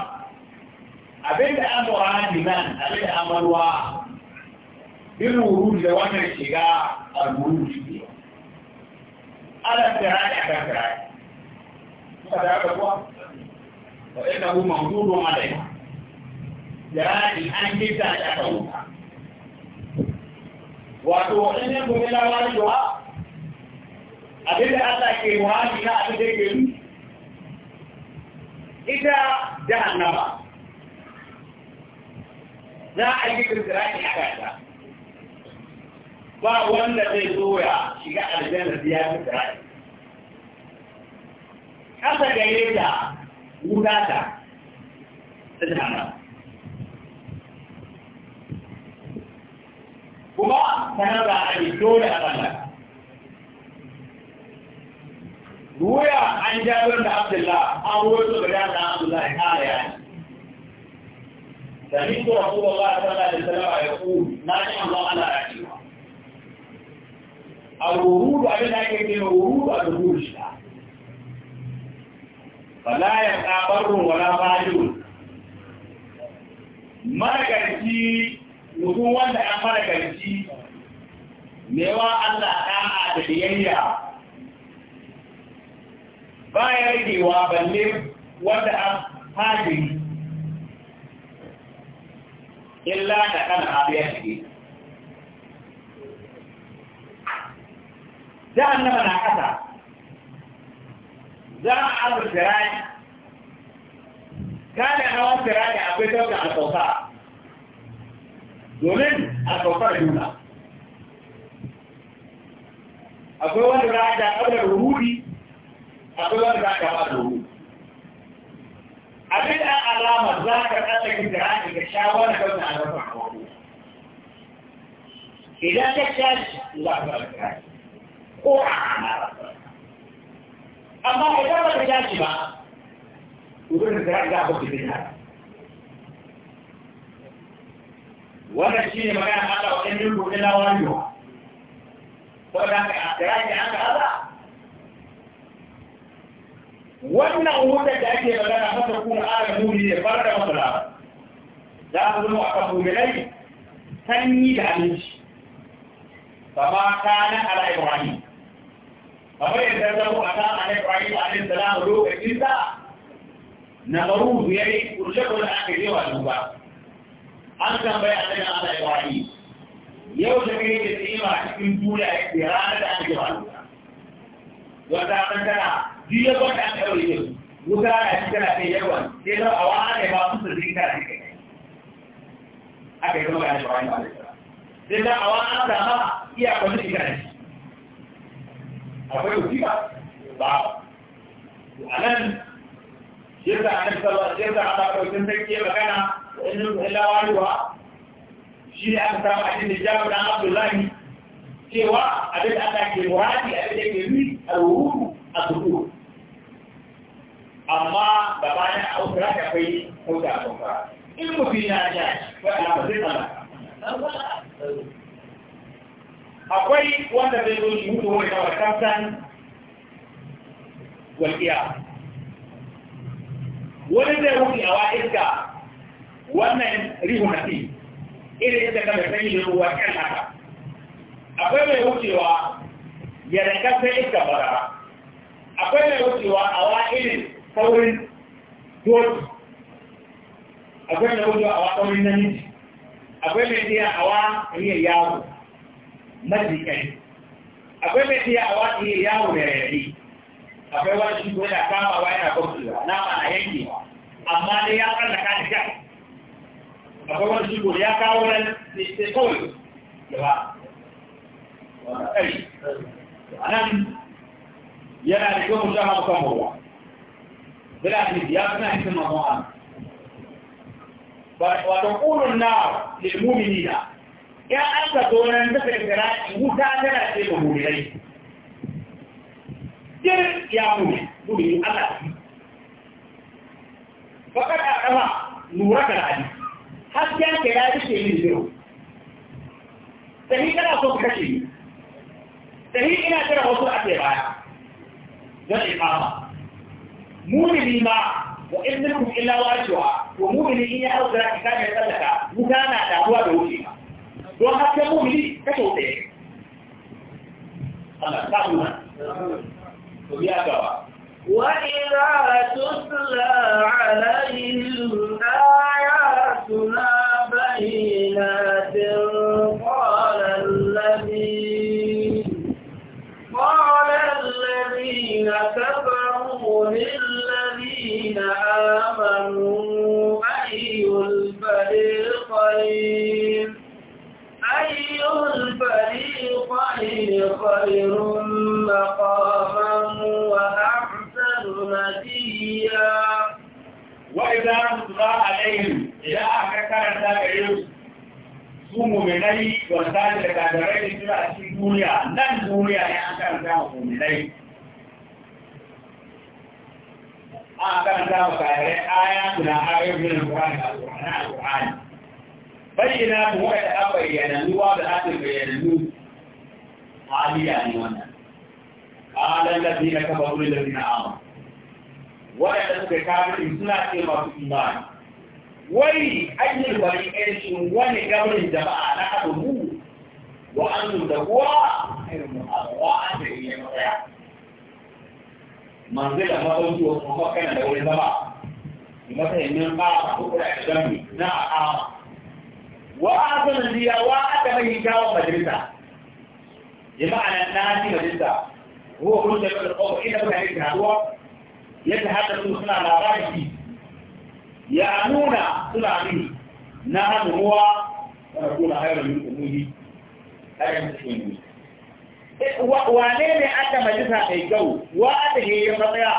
أنا أكره أبو وعلي kada ka eh, kuwa fa innahu mawdudun alayha yani an kita ya kauka wato in ya gobe lawa cewa abin da Allah ke wani na abin da ke yi ita jahannama za a yi kirkirani a kasa ba wanda zai zo ya shiga aljanna ya kirkirani ƙasa gare ta wuta ta ta jihana kuma sanar da a yi dole a tsallar ruwaya an jabar da abdullah an ruwaya su gada da abdullah ya kara yayi سمعت رسول الله صلى الله عليه وسلم يقول نادي الله على رأيه الورود أبدا يمكن الورود الدخول شيئا fala ya tsabarun wala bayu maragarci mutum wanda an maragarci mewa Allah ɗa'a da biyayya ba ya rigewa balle wanda an hajiri illa da kan abu ya shige da annaba na ƙasa zama abu tirani kada hawan tirani akwai sauka a sauka domin a saukar juna akwai wanda za a ta ƙaunar ruhuri akwai wanda za a ta ƙaunar ruhuri abin an alama za ka tsallake tirani ka sha wani kauta a sauka a wato idan ka sha shi za ka tsallake ko a ana amma idan ba ta dace ba wurin da za a ba ta wannan shi ne magana Allah wa ɗan yin kuɗin lawan yiwa saboda haka a kira ne an ga Allah wannan wuta da ake magana masa kuma ara muni ne bar da masala za su zama a kan mumilai sanyi da aminci kama kana ala ibrahim kamar yadda ta mu a kan alai ibrahim alai salam lokacin sa na baru ya yi kurshe ko da aka yi wa duba an tambaye alai na alai ibrahim yau da kai da tsima cikin duniya ya ke ranar da aka yi wa duba wata kan tana jiya ba ta aka yi yau wuta na shi tana kai yawan sai zan a wani ba su su zika da kai aka yi kuma ga alai ibrahim alai salam sai zan a wani ba iya kwanci da shi akwai wasiƙa ba a nan shi yasa a nan sallah shi yasa Allah ɗaukin sarki ya magana wa in nuku illa waruwa shi ne aka samu a cikin jawo dan Abdullahi cewa abin da Allah ke muradi abin da ke yi alwuru a suku amma da bayan a ukra da kai kauta a kauta in mutum ya ja ko Allah ba zai tsala akwai wanda zai zo shi mutu wani kawai kaftan walƙiya wani zai wuce a wa'iska wannan rihu na fi irin yadda kama sanyi yi ruwa kan haka akwai mai wucewa ya ranka sai iska bara akwai mai wucewa a wa'ilin saurin doki akwai mai wucewa a wa saurin namiji akwai mai biya a wa riyar majikai akwai mai tiya a wasu yi yawo da rabi akwai wani shi ko yana kamawa yana gwamnatiwa nama na yankewa amma ne ya tsallaka da kan akwai wani shi ko ya kawo nan sai kawai da ba a nan yana da kyau mutum hau kan ruwa bila ne ya suna hikin mamu'an wato ƙunun na lilmuminina ya aka zo nan da firfira wuta tana ce ga mulai dir ya muni muni Allah fakat a kama nura ka hadi hasken ka ya dace min zero sahi kana so ka kashe ni sahi ina kira wasu a ce baya zan imama muni ma wa ibnukum illa wajiwa to muni in ya hausa ka kana tsallaka wuta na damuwa da wuce don hasken mumini ka tausaye Allah ta وإذا تتلى عليهم آياتنا بينات قال الذين قال الذين كفروا للذين آمنوا خير مقاما وأحسن نتيا وإذا تتلى عليهم إذا أكثرت إليهم su muminai wanda da kadarai ne suna cikin duniya nan duniya ne an karanta wa muminai an karanta wa kadarai aya suna ayoyin alƙur'ani alƙur'ani alƙur'ani bayyana mu wa'ada an bayyanannu wa da ake bayyanannu حاليا وانا قال الذين كفروا للذين آمنوا ولا تذكر إن سنة كلمة إيمان wai ajin bari ƙarshen wani gabrin da ba a naka mu wa an da kuwa wa an da iya matsaya manzai da mazauki wa kuma kana da wani zama matsayin nan ba a kukura da zambi na a kama wa a sanar diya wa a da mai kyawun majalisa بمعنى الناس مجلسة هو خلد من القوم إلا من هذه الهدوة يتحدث سنة على رأيه يعنون صنع به نعم هو ونكون خيرا من امه أي مسلمين wane ne aka majalisa mai kyau wa aka ke yin matsaya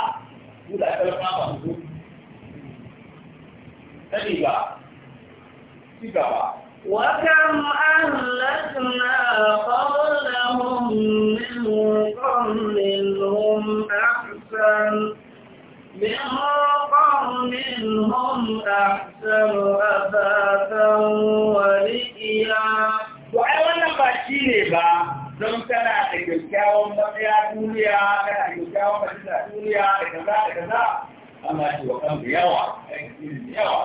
su da aka وكم أهلكنا قبل لهم من قرن هم أحسن من قرن هم أحسن أثاثا ورئيا وأي wannan ba shi ne ba don tana da kyakkyawan matsaya duniya tana da kyakkyawan matsaya duniya da kaza da kaza amma shi wa kan yawa yawa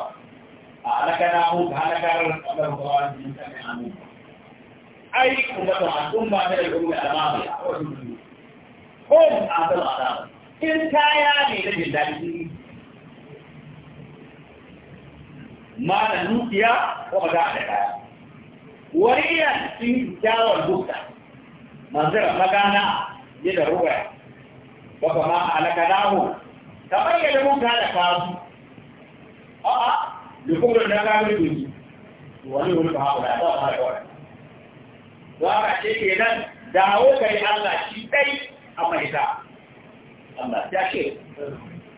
a halaka na mu halakar da kawai da mutane a mu أي أمة ثم من الأمة الأمامية هم أهل الأعلام إن كياني لجل ذلك ما ننوكيا ومدعنا كياني وريا في جاوة البكتة منظر مكانا يدى رؤيا وكما ألقناه كما يلمون هذا كاظم أه لكم لنا كاظم وليه لكم هؤلاء الله أكبر wara ce ke nan dawo ka yi Allah shi ɗai a mai za. Allah ya ce,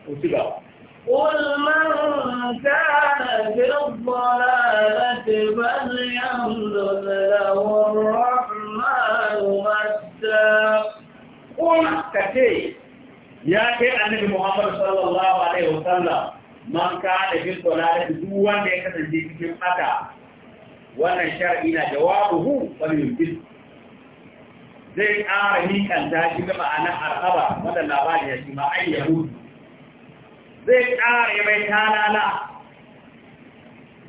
ƙunci gawa. Ƙulman kada girbola da ke bazin ya ke annabi Muhammadu sallallahu Alaihi wasallam man kada girbola da duk wanda ya kasance cikin fata. wannan shar'i na jawabuhu wani yunjin zai ƙara nikanta shi ga ma'anar arhaba wanda labarin ya shi ma ai yahudu zai ƙara mai na.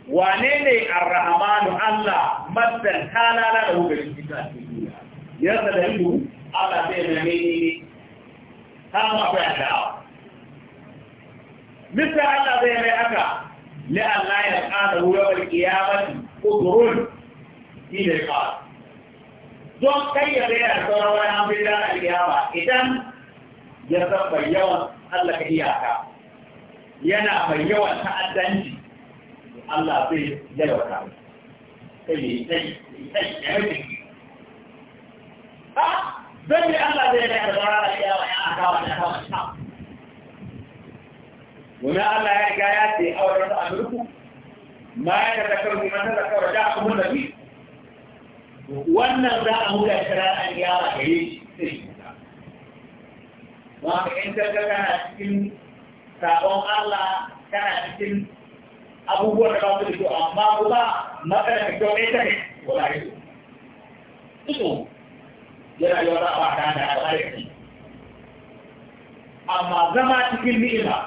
wane ne arrahmanu Allah maddan na da hukumin shi ta cikin yadda da hindu Allah zai na ni ne ta mafi adawa Mista Allah zai mai aka لأن لا ƙara ruwa wal kiyamati قطرون في الإقار جون كي يبقى أكثر وانا عم بلا الإقامة إذن يصب بيوان الله كهياكا ينا بيوان تأدنج الله في جلوكا إلي إلي إلي إلي إلي إلي بني الله ما يتذكر من تذكر جاءكم النبي wannan za a hula shira'an yara gare shi sai shi ba ka in kaga kana cikin sabon Allah kana cikin abubuwan da ba su da kyau amma kuma matsala da kyau ɗaya ta ne wala ne ido yana yi wata ba ta da alƙalari amma zama cikin ni'ima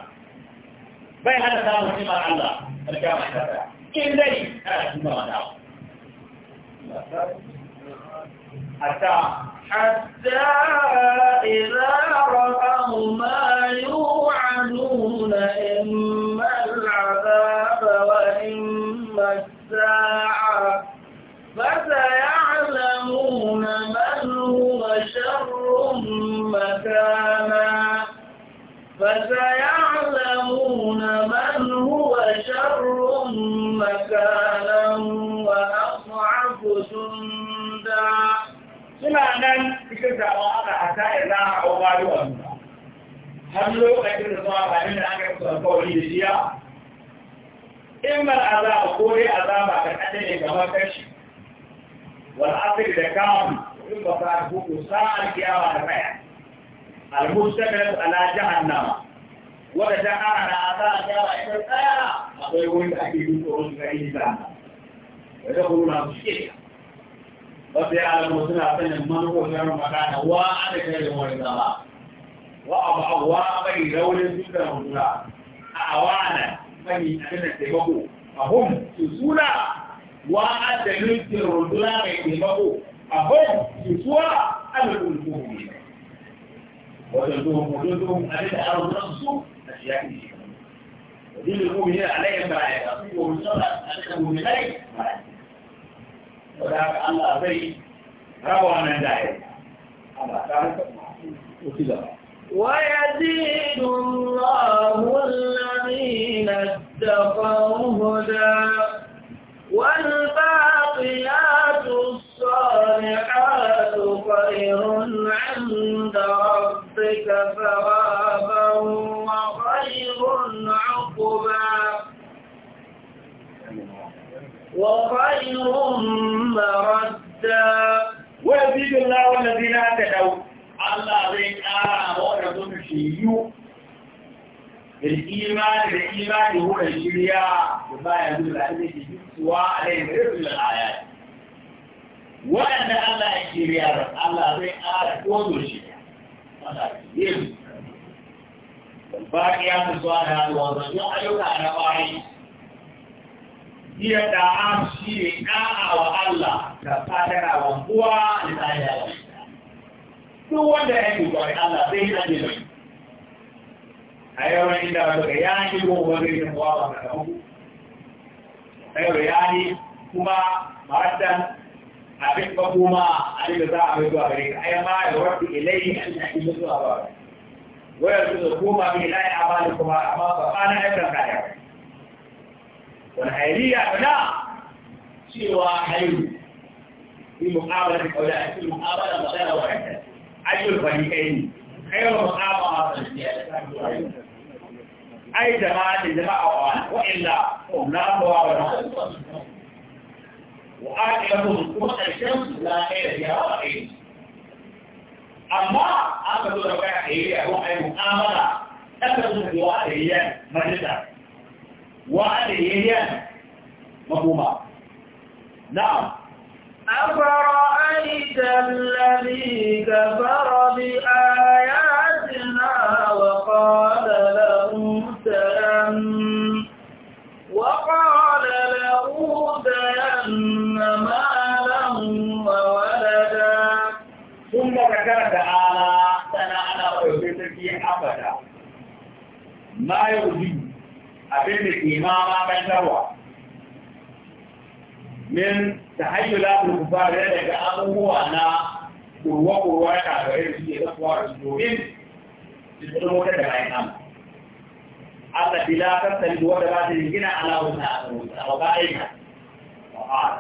bai hana samun ni'imar Allah alƙalari إليه أجمعنا حتى حتى إذا رأوا ما يوعدون إما العذاب وإما الساعة فسيعلمون من هو شر مكانا فسيعلمون من هو شر مكانا مكانا وأضعف جندا سنة نن بكتا وانا حتى إلا عباد وانا حملو قدر الزواب عمين أنك تنفوه لديا إما الأذاب قولي أذاب أكتن إكما كش والعطي لكام إما فاربو أسان كياوان رأي المستمر على جهنم wadda ta kara da asa ta wa ita tsaya akwai wani da ake yi tsoron ga yi da ya da kuma su ke wasu ya alamu suna sanin manufofin magana wa a da kai da wani zama wa abu abuwa bai raunin su da mutura a awana mai adana taimako a hum su suna wa a da nufin runduna mai taimako a hum su suwa a da kulkuhu ne wajen duhun mutum duhun a da arzikin su ويزيد الله الذين اتقوا هدى والباقيات الصالحات خير عند ربك ثوابا وعقابا ربنا وخير مردا ويزيد الله والذين اهتدوا الله زي قال آه، وأنا شيء بالإيمان بالإيمان هو الشريعة وما يدل عليه سوى عليه غير الآيات وأن الله الشريعة الله زي قال كل شيء باقيات الصالحات والرجوع يقع نباري da duk wanda ya yi Allah sai yi ajiye a yau wani inda ga ya yi wani ba a ya yi kuma abin ba kuma abin da za a bai zuwa gare ka a yamma ya warfi ilai a cikin zuwa ba ويجوز كوما في لا أعمالكما أما فقانا أيضا كذلك والحيلية هنا سوى حيل في مقابلة الأولاد في مقابلة مثلا واحدة أي الفريقين خير مقابلة أي جماعة جماعة أوان وإلا هم لا مقابلة وآخرهم قوة الشمس لا خير فيها ولا amma aka zo da kai a yi a kuma ai mu'amala aka zo da wa da yiyan majalisa wa da yiyan makoma na'am أفرأيت الذي كفر بآياتنا وقال له سلام وقال له سلام ما ما يرضي أبن الإمام من تروى من تحيلات الكفار ذلك أبوه أنا قروة قروة كافرين في أسوار السجودين تسلموا كده بأينام التي لا تستند ولا تنجن على وزن أبوائها وقال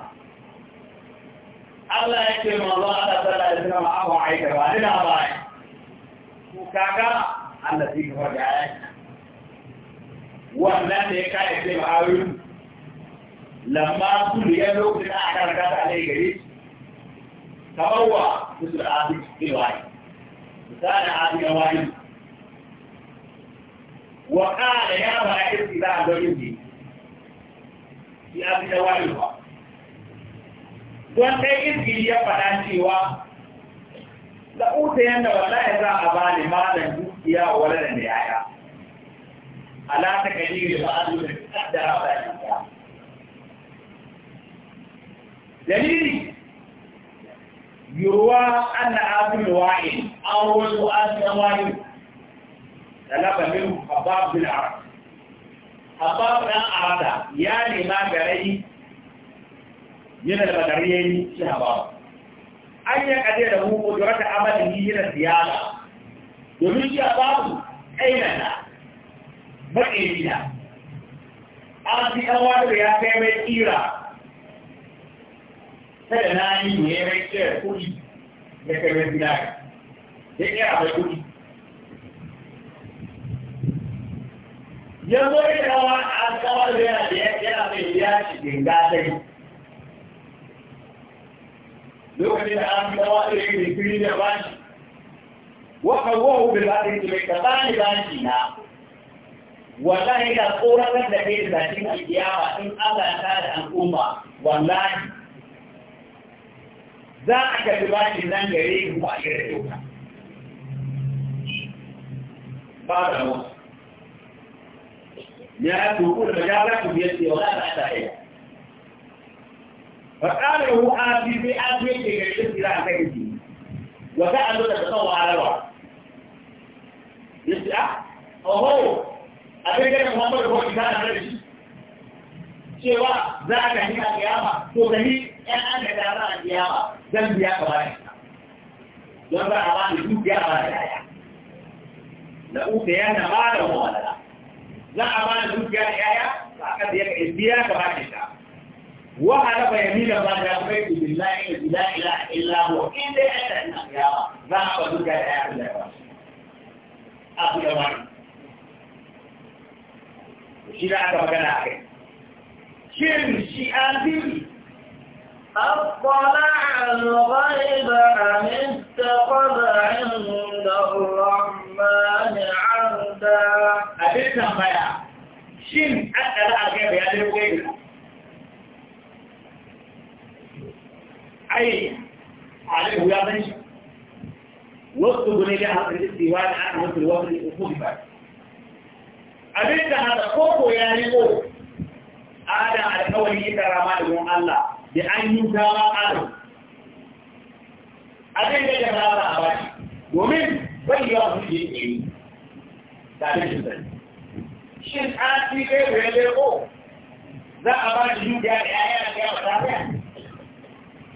Allah ya ce manzo Allah sallallahu alaihi wasallam abu aika ba ni labari ko kaga Allah zai kafa da ayati wannan da ya kare sai ba ayoyin lamma kullu ya lokacin a karanta ta alai gare da musul abu ke wani da abu ya wani wa kala ya ba a irki za a ga irki shi abu ya wani ba don dai irki ya faɗa cewa da uta yanda wallahi za a ba bani malam dukiya wa wala da yaya على تكاليف بعض المقدر على دليل يروى أن عاصم الوائل أول مؤسس وائل طلب منه خباب بن عرب خباب بن يعني ما قرأي من البدريين شهباب أن يقضي له قدرة عمله من الزيادة يمشي أباب أين baƙe gida an fi ɗan wani ya kai mai tsira kada na yi ne mai tsira kuɗi ya kai mai gida ya ƙera mai kuɗi yanzu ya kawo an kawo da yana da yana mai ya shi dinga dai lokacin da an kawo da yake da kiri da bashi wa kawo bil ba'i da kabani bashi na والله إذا قرأت لكي تتعلم الإجابة إن أبا سادة أن أمة والله ذاك تباك إذن جريك مؤكرة يوكا بعد الموت يا أبو كل مجابة كبيرتي ولا بأسائي فقال له آبي في آبي في جريك إلى أمكيتي وكأنه تتطوى على الوعد يسأل أهو abin da Muhammadu ko ki kana da shi cewa za ka yi a kiyama to ka yi ɗan an da dama a kiyama zan biya ka bayan don za a ba ni dukiya ba da yaya na uta ya na ba da wala za a ba ni dukiya da yaya ba ka biya ka biya ka bayan ka wa hada bayani da ba da kai billahi la ilaha illa hu in dai ana kiyama za a ba dukiya da yaya Allah ya ba abu da wani shi da aka magana a kai shin shi asiri أطلع الغيب أم اتخذ عند الرحمن عهدا أبيت نبيا شين أطلع الغيب يا ذي الغيب أي عليه يا بني وقت بني لها في الاستيوان عن وقت الوقت الأصول بس abin da hada koko ya riko ada alkawari ita rama da gun Allah da an yi dama adam abin da ya rama a baki domin bai yi su je ke da ta shi zai shin an ci kai bai riko za a ba shi yuga da ya yi a kai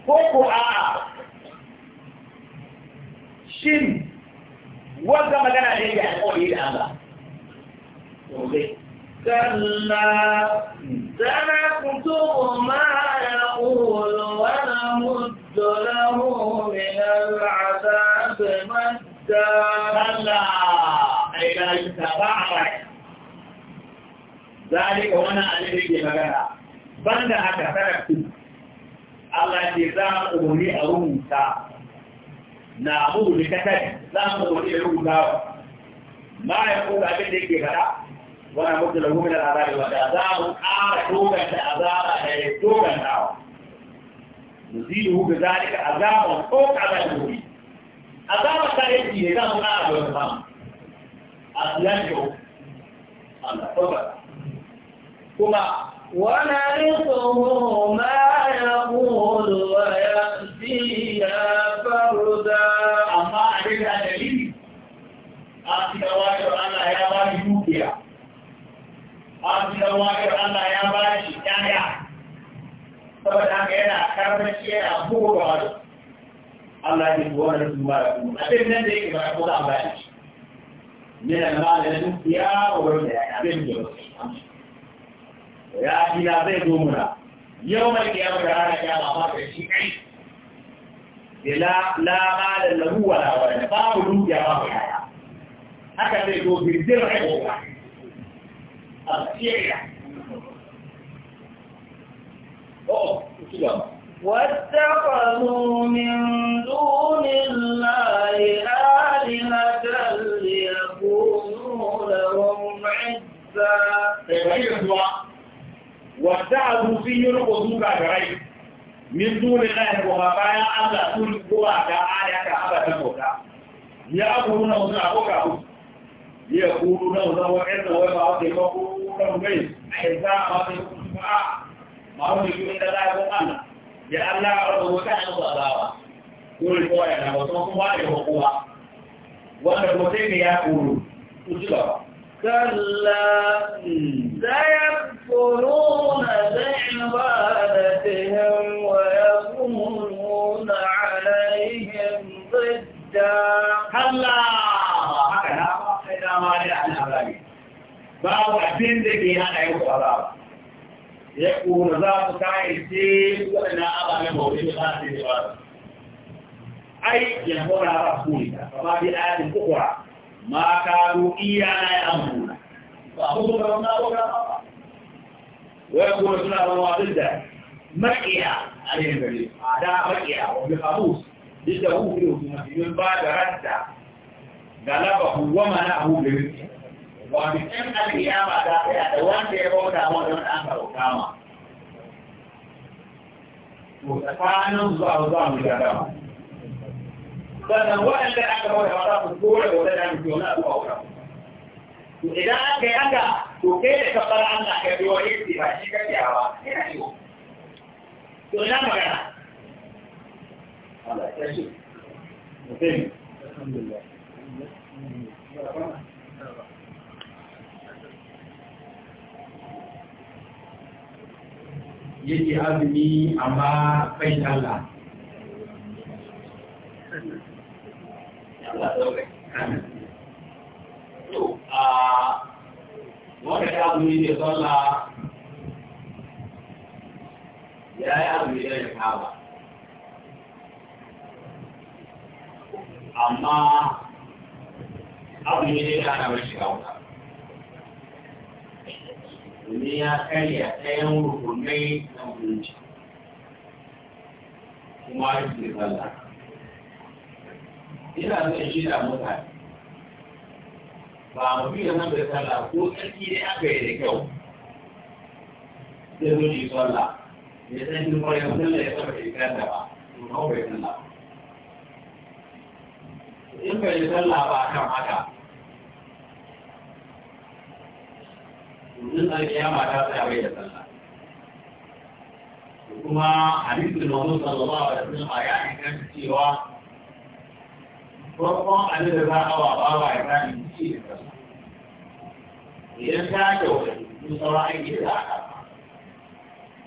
Ko koko a'a shin wanda magana ne da alkawari da Allah كلا سنكتب ما يقول ونمد له من العذاب مدا كلا أي لا يتبع ذلك وانا أدري بمجرى بند هكا تركت الله يجزاك أمني أرومتا na abu da kasar za mu wani da rubuta ba ya وانا مد له من العذاب والعذاب قال توبا عذاب هي توبا ناو نزيده بذلك عذابا فوق عذابه عذاب سيأتي إذا هنا على الإمام أسلمه أنا توبا كما ونرثه ما يقول ويأتينا فردا أما أجل أجلي أتي الله أنا يا الله abu da wakar Allah ya ba shi ɗaya saboda haka yana karfashi yana bugu da wani Allah ya kuwa da su ba da kuma abin nan da yake ba da kuma an ba shi ne da ma da dukiya wa wani da abin da ya fi na zai zo muna yau mai kiyama da rana kiyama ba da shi kai bila la ma da lahu wala wala babu dukiya babu yaya haka zai zo birdir rai ko ba السيريا واتخذوا من دون الله آلهة ليكونوا لهم عزا واتخذوا في يرقصوا كافرين min duni lahi kuma bayan Allah sun buwa da ayata abatan bauta ya abu nuna wasu abokan ليقولوا له له علم ويبعث يقولوا له بيت حزاء وعطيه شفعاء ما هم يقولوا إلى لا يقولنا لأن لا يعرض وكان صدارة قول الفوائد أنا وصوكم واحد وقوة وأنا المتين يقولوا تجلبا كلا سيكفرون بعبادتهم ويكونون عليهم ضدا كلا هكذا لا مانع عن عذابه باب أبين ذكي أنا يوم عذاب يقول ذاك كائن وأنا أبا من مولد خاتم أي ينهون على رسولك فما في آية أخرى ما كانوا إيانا يأمرون فأخذوا برمنا وكرا ويقول سنة الله ضده مكيا عليهم بريد أعداء مكيا وبخبوس ضده في الحكومة من بعد رده galabahu wa mana'ahu bi rizqi wa bi kan al-qiyama da kai da wanda ya bauta wa da wanda aka bauta ma to tsakanin zuwa zuwa mu da dama sannan waɗanda aka bauta wa za ku kore wa da mu to na abu aura to idan aka yi haka to kai da kafar Allah ka biyo yake ba shi kake ba ina yi to ina magana Allah ya shi mutum alhamdulillah yake azumi amma bai talla wanda ya azumi da ya yi azumi da ya amma abu ne zai hana mai shiga wuta domin ya karya ɗayan rukunai na mutunci kuma ya fi zalla ina zai shi da mutane ba mu biya nan bai sallah ko tsarki ne aka yi da kyau sai zo shi sallah ya san shi kwarai sallah ya saba shi kan da ba to kawai bai sallah in bai sallah ba kan haka domin alƙiyama ta tsaya bai da sallah kuma hadisin mazu sallallahu alaihi wasallam ya inganta cewa farkon abin da za a wa bawa ya ta inci da sallah idan ta kyauta duk sauran aiki da aka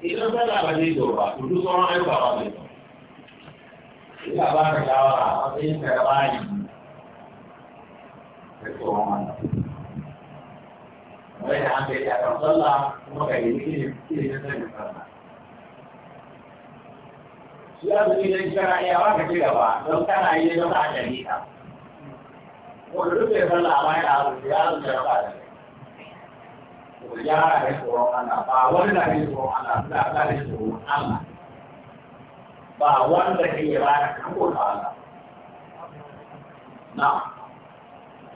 idan sallah ba zai kyau ba duk sauran ayyuka ba zai kyau ina ba ka shawara a matsayin ka da bayan da tsohon wannan bai da hankali kan sallah kuma ka yi ilimi ilimin sanin sallah shi ya zuci don kana ya wa ka ci gaba don kana yi don ka ajali ka wanda duk da sallah a bayan abu ya zuci da ba da ko ya da tsoron Allah ba wanda na tsoron Allah suna da da tsoron Allah ba wanda ke yi ba da kan ko Allah na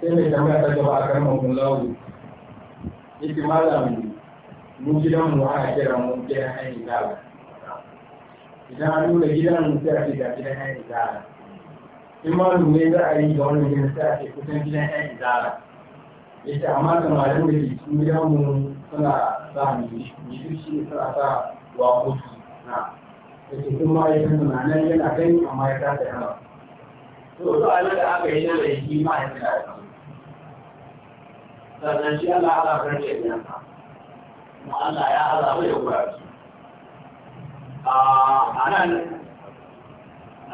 sai mai tambaya ta gaba akan mamun lawu yake malam mu gidan mu ana kira mu gidan ɗan izala idan an nuna gidan mu sai a ce ga gidan ɗan izala in ma ne za a yi ga wannan gidan sai a ce kusan gidan ɗan Ya ce amma samarin da ke cikin gidan mu suna sa mu yi shi suna sa wa waƙoƙi na yake kuma ya san tunanin yana kai amma ya kasa yawa. To, zuwa nan da aka yi nan da shi ma ya fi da sannan shi Allah ala kan ce biyan ka kuma Allah ya ala bai ya kura su a nan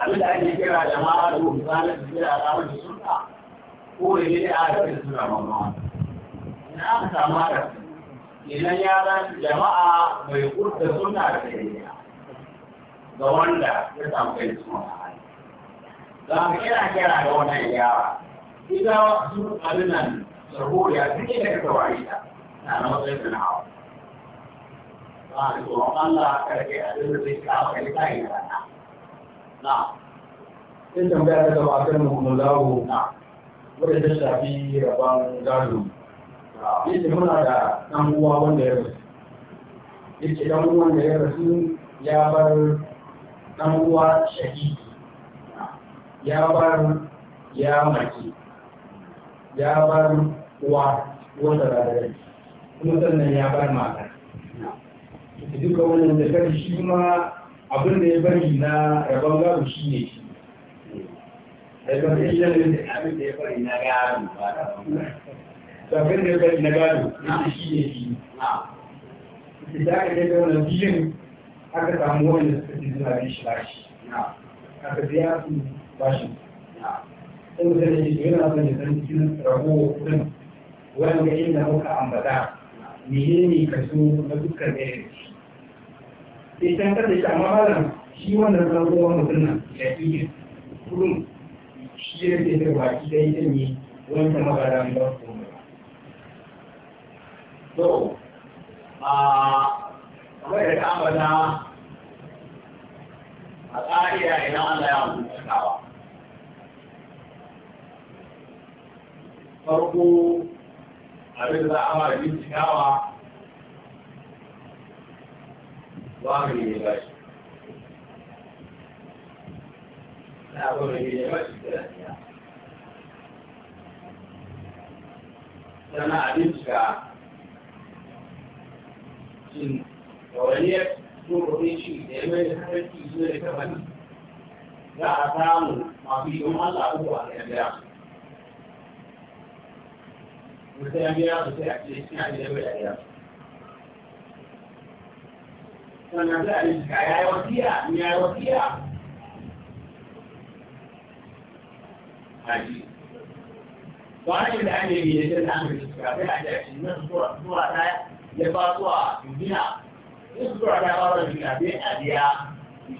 abin da ake kira jama'a da misalin da kira da wani sunna ko da ne da aka fi suna mamawa ina aka samu haka idan ya zan jama'a bai kurta suna da kariya ga wanda ya samu kai suna hali za mu kira kira ga wannan yara ita sun abin nan saboda duk inda ka saurare ta na na matsayin da na hawa ba a tsoron Allah karfe a duk da zai kawo kai kai da rana na sai tambaya ta gaba kan mu zawo na wanda ta shafi rabon gado yace muna da ɗan uwa wanda ya rasu yace ɗan uwan da ya rasu ya bar ɗan uwa shahidi ya bar ya maki ya bar uwa wanda ba da rai kuma sannan ya bar mata duka wannan da kan shi ma abin da ya bari na rabon gado shi ne shi daga sai shi ne abin da ya bari na gado ba abin da ya bari na gado shi ne shi idan aka yi da wannan filin aka samu wanda suka ji suna bin shi bashi aka biya su bashi in mutum ya ce yana son ya san cikin rago din wanda inda muka ambata menene kaso na dukkan ɗaya sai can kada shi amma malam shi wannan zaruwa mutum nan ya iya kurum shi ya ce da baki da ita ne wanda magana ba ko ba so a kamar da ambata a ƙa'ida idan Allah ya mutunta farko abin da ama bincikawa wani ne ba shi na abin da ya ba shi da sana a bincika shin kawaniyar tururin shi da ya mai da harki zuwa da kamani za a samu mafi don Allah abubuwa da ya biya sannan za a yi shiga ya yi wasiya ya yi wasiya a ji kwanan da ake yi da jin an shiga sai a ji a shi nan zuwa ta ya ba zuwa duniya in zuwa ta ba zuwa duniya sai a biya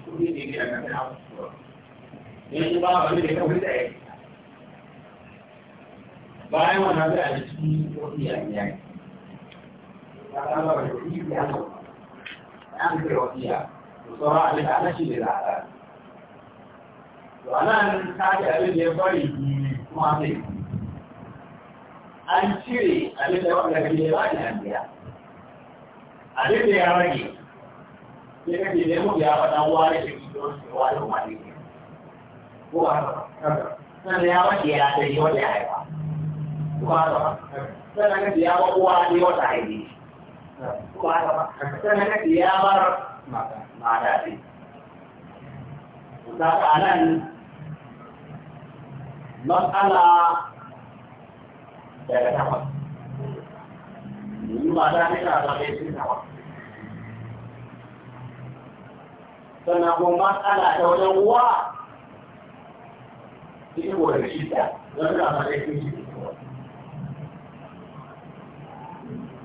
kudi da gina na ta hau zuwa yanzu ba wani da ya kawai da ya bayan wannan za a ci wani yaƙi ta ɗaba da kuɗi da an an kai wasiya to sauran abin da ana shi ne da haɗa to a nan ta ce abin da ya bari kuma sai an cire abin da wanda kan ya bari an biya abin da ya rage sai kan je nemo ya faɗa ware da don su ware wani ko haka sannan ya rage ya ɗaya wanda ya haifa kuma haka ba sannan na ya ba uwa ne wata aini kuma haka ba sannan na ya bar mata ce ta ka nan matsala daga takwas domin mata ne na zaɓe sun takwas sannan kuma matsala ta wajen uwa ita ko da shi ta don da ma dai sun shi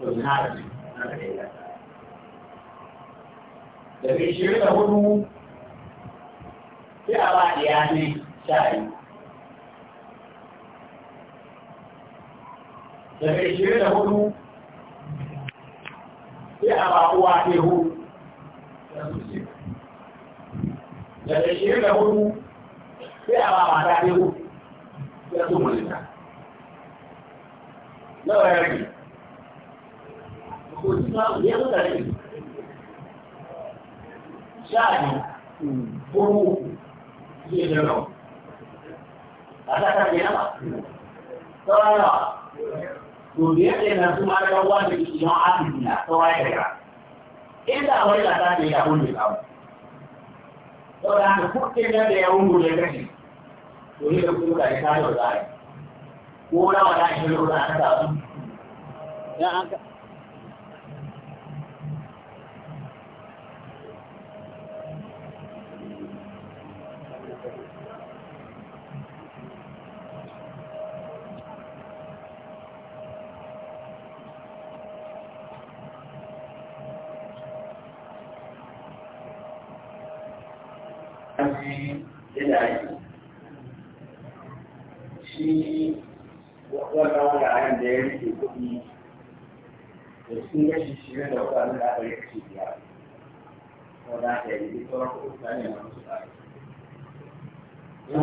tunani da mai shirin da hudu sai a ba da yanin sha'i da mai shirin da hudu sai a ba uwa tehu da mai shirin da hudu sai a ba mata tehu ya su mulita. Nawa ya rage ya zo da buru ya jirgin a a da ko ko na ta in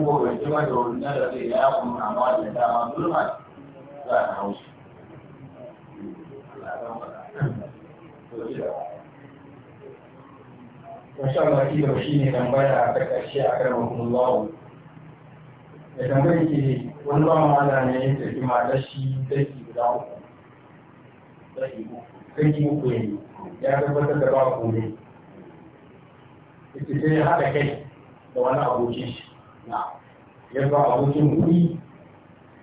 ko bai ci mai wani na da zai ya kuma amma da dama zulma za a hau shi Masha Allah shi da shi ne tambaya a ƙarƙashi a kan mahimmanlawo. Da tambayi ke wani ba da ne ya tafi da shi daki guda uku. Daki uku ya yi ya tabbatar da ba ku ne. sai ya haɗa kai da wani abokin shi na ya ba abokin kuɗi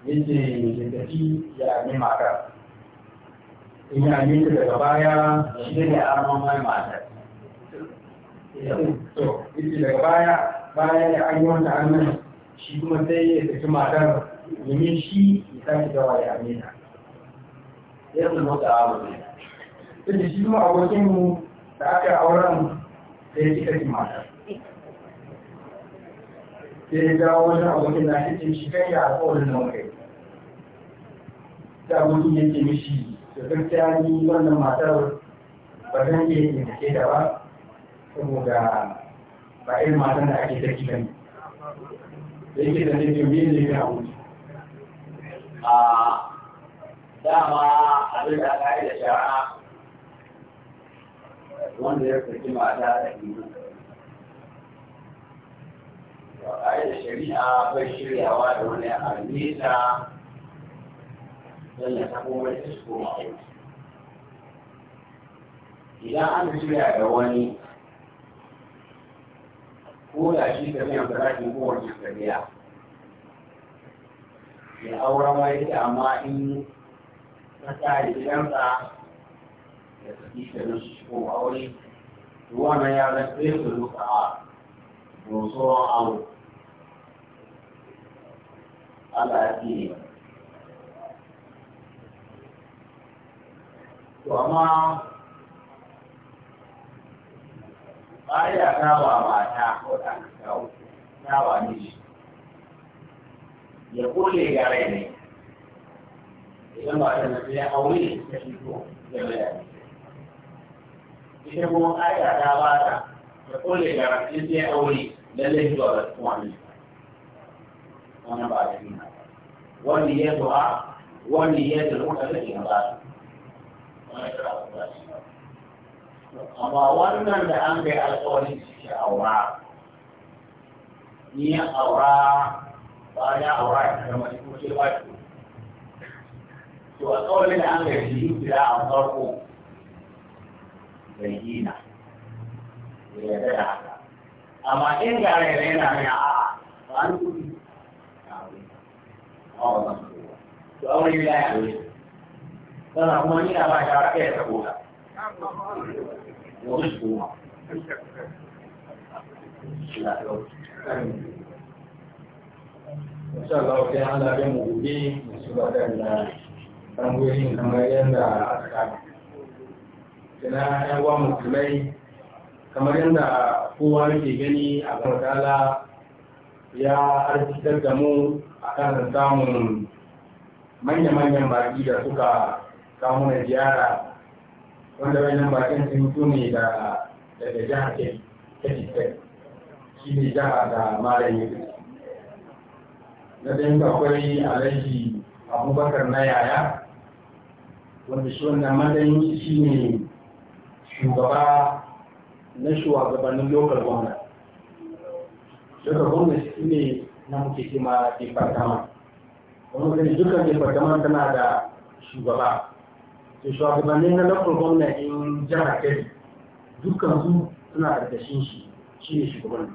ya ce ya tafi ya ne matar in ya ne ta daga baya shi ne ya arma mai matar to ita daga baya baya ya an yi wanda an nan shi kuma sai ya tafi matar domin shi ya sake dawa ya amina ya zama da abu ne. Ita shi kuma abokinmu da aka auren sai kika ji mata sai ya dawo wajen abokin na cikin shi kai ya alƙawarin nan kai da abokin yake mishi da gaskiya ni wannan matar ba zan iya yin da ke da ba saboda ba irin matan da ake sarki kan da yake da ne biyu ne ya A a dama abin da ta yi da shara wanda ya saki mata a ɗari a da shari'a bai shiryawa da wani almisa don ya sako mai da su koma idan an shirya da wani ko da shi da mai farashin kowace shari'a ya aura mai amma in ta tsari gidansa da kuɗi kenan su shigo aure wannan ya zai ƙirƙir mutu'a dosoron aro Allah ya fi to amma ƙa'ida ta ba mata ko ɗan kawo ta ba miji ya kulle gare ne idan ba ta nafi ya aure ta fito da bayani girman aya ta ba ta da kole da rafi sai aure lallai zuwa da kuma ne wannan ba da nuna wani ya zuwa wani ya zuwa da zai na ba amma wannan da an kai alƙawarin shi aura ni aura ba ya aura ya kama shi ko shi ba shi to alƙawarin da an kai shi da a farko bayyina da ya da haka amma in ga rai yana mai a'a ba an kudi a wannan kowa to an wani laya ne sannan kuma ni na ba shawara kai ya tabo ta wani kuma insha Allah sai an labe mu gobe su ba da tambayoyin kamar yadda aka kama na wa musulmai kamar yadda kowa yake gani a kankala ya arzitar da mu a kan samun manya-manyan baki da suka kawo na ziyara wanda wajen bakin sun ne da daga jihar kebbi shi ne jihar da malam yusuf na ɗayan akwai alhaji abubakar na yaya wanda shi wannan matsayin shi ne shugaba na shugabannin local government duka gwamnati shi ne na muke kima departament wani gani dukkan departament tana da shugaba to shugabannin na local government in jihar kebbi dukkan su suna ƙarƙashin shi shi ne shugaban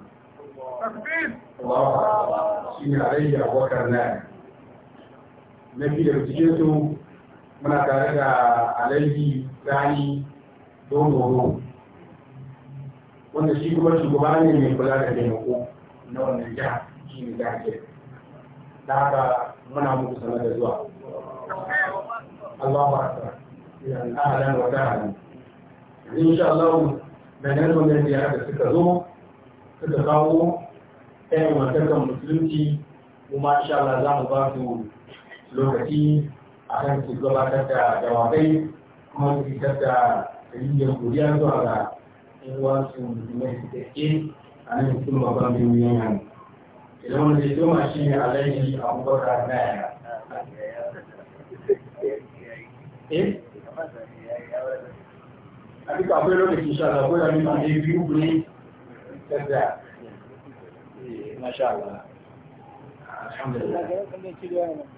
shi ne a abokar na na fi da cikin su muna tare da alayyi rani don horo wanda shi kuma shugaba ne mai kula da taimako na wannan jiha shi ne jahajir da haka muna muku sanar da zuwa Allahu akbar idan ahalan wa ta'ala insha Allah da nan wannan da suka zo suka kawo ɗayan wantakan musulunci kuma insha Allah za mu ba su lokaci a kan su gabatar da jawabai kuma su fitar da rijiyar godiya zuwa ga yan wasu musulmai su a nan cikin babban birnin yana idan wanda ya zoma shi ne alaihi abubakar na yaya a duka akwai lokacin sha da ni ma ne biyu ne kada masha Allah alhamdulillah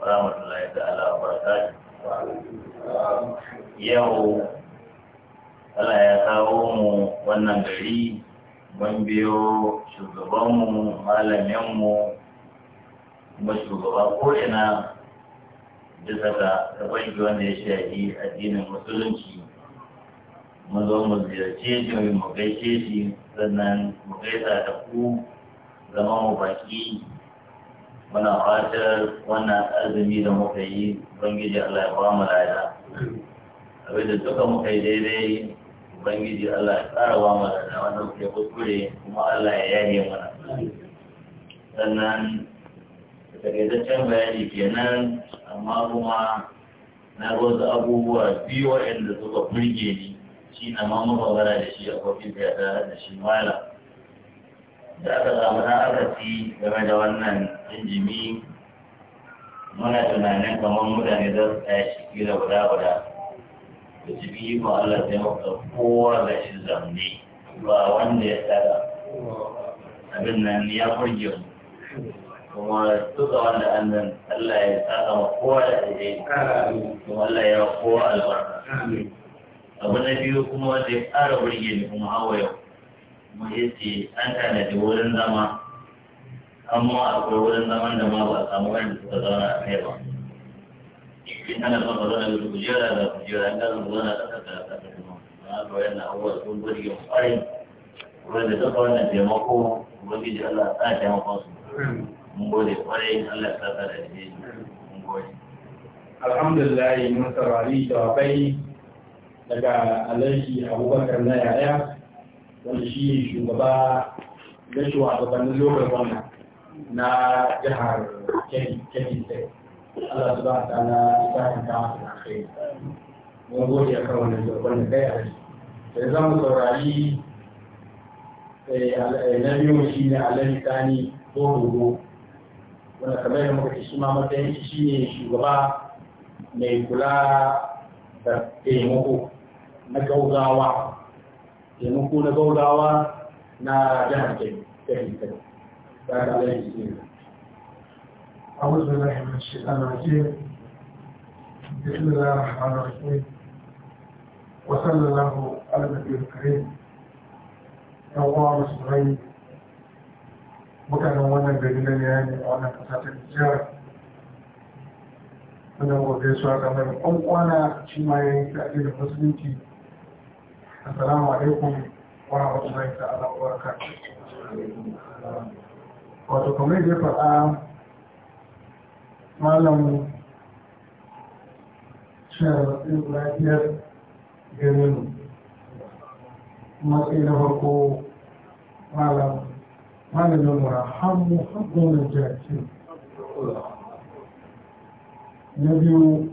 rahmatullahi ta'ala wa barakatuh yau Allah ya kawo mu wannan gari mun biyo shugabanmu malaminmu kuma shugaba ko'ina bisa ga tabanki wanda ya shafi addinin musulunci mun zo mu ziyarce shi mu gaishe shi sannan mu gaisa da ku zama mu baki muna fatar wannan azumi da muka yi ubangiji Allah ya ba mu lada abin da duka muka yi daidai ubangiji Allah ya tsara wa mu lada wanda muke kuskure kuma Allah ya yaye mana sannan takaitaccen bayani kenan amma kuma na wasu abubuwa biyu waɗanda suka burge ni shi na ma magana da shi a kofin da ya da shi mala da aka samu na aka ci game da wannan injimi muna tunanin kamar mutane za su tsaya shi gida guda guda da su yi ma Allah sai maka kowa da shi zamani ba wanda ya tsara abin nan ya burge mu kuma duka wanda an nan Allah ya tsaka ma kowa da daidai kuma Allah ya kowa albarka abu na biyu kuma wanda ya tsara burge ni kuma hawa yau kuma ce an tanadi wurin zama amma akwai wurin zaman da ma ba a samu wani suka zauna a kai ba in ana son ka zauna da kujera da kujera in ka zama zauna da kasa da kasa kuma na ga wayan na abubuwa sun gudu yin kwarai wurin da duka wannan taimako ubangiji Allah ya tsaya taimakon su mun gode kwarai Allah ya tsaka da shi mun gode alhamdulillah mun saurari jawabai daga alhaji abubakar na yaya wanda shi shugaba na shugabannin lokacin wannan na jihar kebbi state allah su ba ta na isahin ta masu na kai mun gode a kan wannan jirgin da kai a shi da za mu saurari eh, na biyu shi ne alali tani ko hugu wanda kamar da muka shi ma matsayin shi shi ne shugaba mai kula da taimako na gaugawa taimako na gaugawa na jihar kebbi أعوذ بالله من الشيطان الرجيم بسم الله الرحمن الرحيم وصلى الله على النبي الكريم يوم مسلمين mutanen wannan gari na yanayi a wannan kasa ta jihar wanda gobe su a kamar ɗan kwana shi ma ya yi kaɗe musulunci alaikum wato kamar da ya faɗa malam sharafin lafiyar ganin matsayi na farko malam malam malamin mura hannu hannunan jirgin na biyu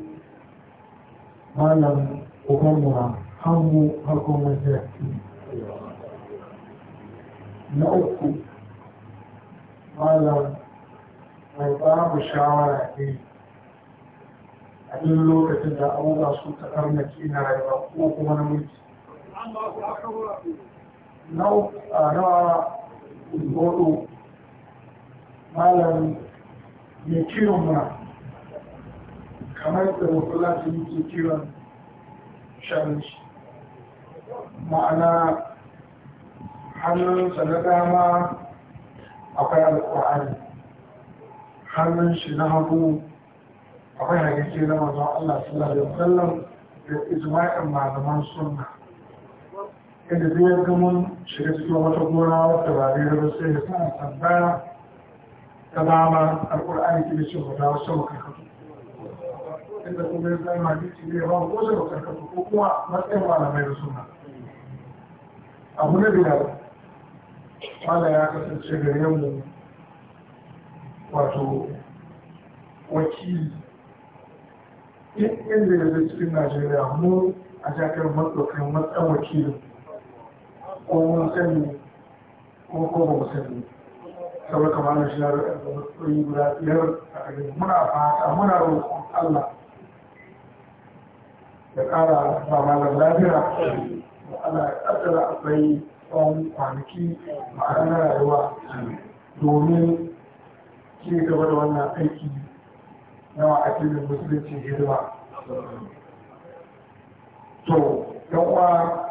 malam uban mura hannu hannunan jirgin na uku malam mai ba mu shawara ne a duk lokacin da abubuwa sun ta karnaki na rayuwa ko kuma na mulki nawa hudu malam mai kiran muna kamar da makulacin ke kiran sharishi ma'ana hannunsa na dama akwai alƙur'ani hannun shi na hagu akwai hadisi na manzon Allah sallallahu alaihi wasallam da ijma'in malaman sunna inda zai yanka mun shiga cikin wata gona wata ba da yarda sai ya sa tambaya ta dama alƙur'ani ke ce wata da wasu makarkatu inda kuma ya zama hadisi ne ba ko sai makarkatu ko kuma matsayin malamai da sunna abu na biyar wanda ya kasance gare mu wato wakili in inda ya zai cikin najeriya mu a jakar matsokan matsan wakilin ko mun sani ko ko ba mu sani saboda kamar na shi na da matsoyi guda biyar a gari muna fata muna roƙon allah ya ƙara ba malar lafiya Allah ya ƙaddara akwai tsawon kwanaki ma'ana rayuwa domin ci gaba da wannan aiki na addinin musulunci hidima. To, yan uwa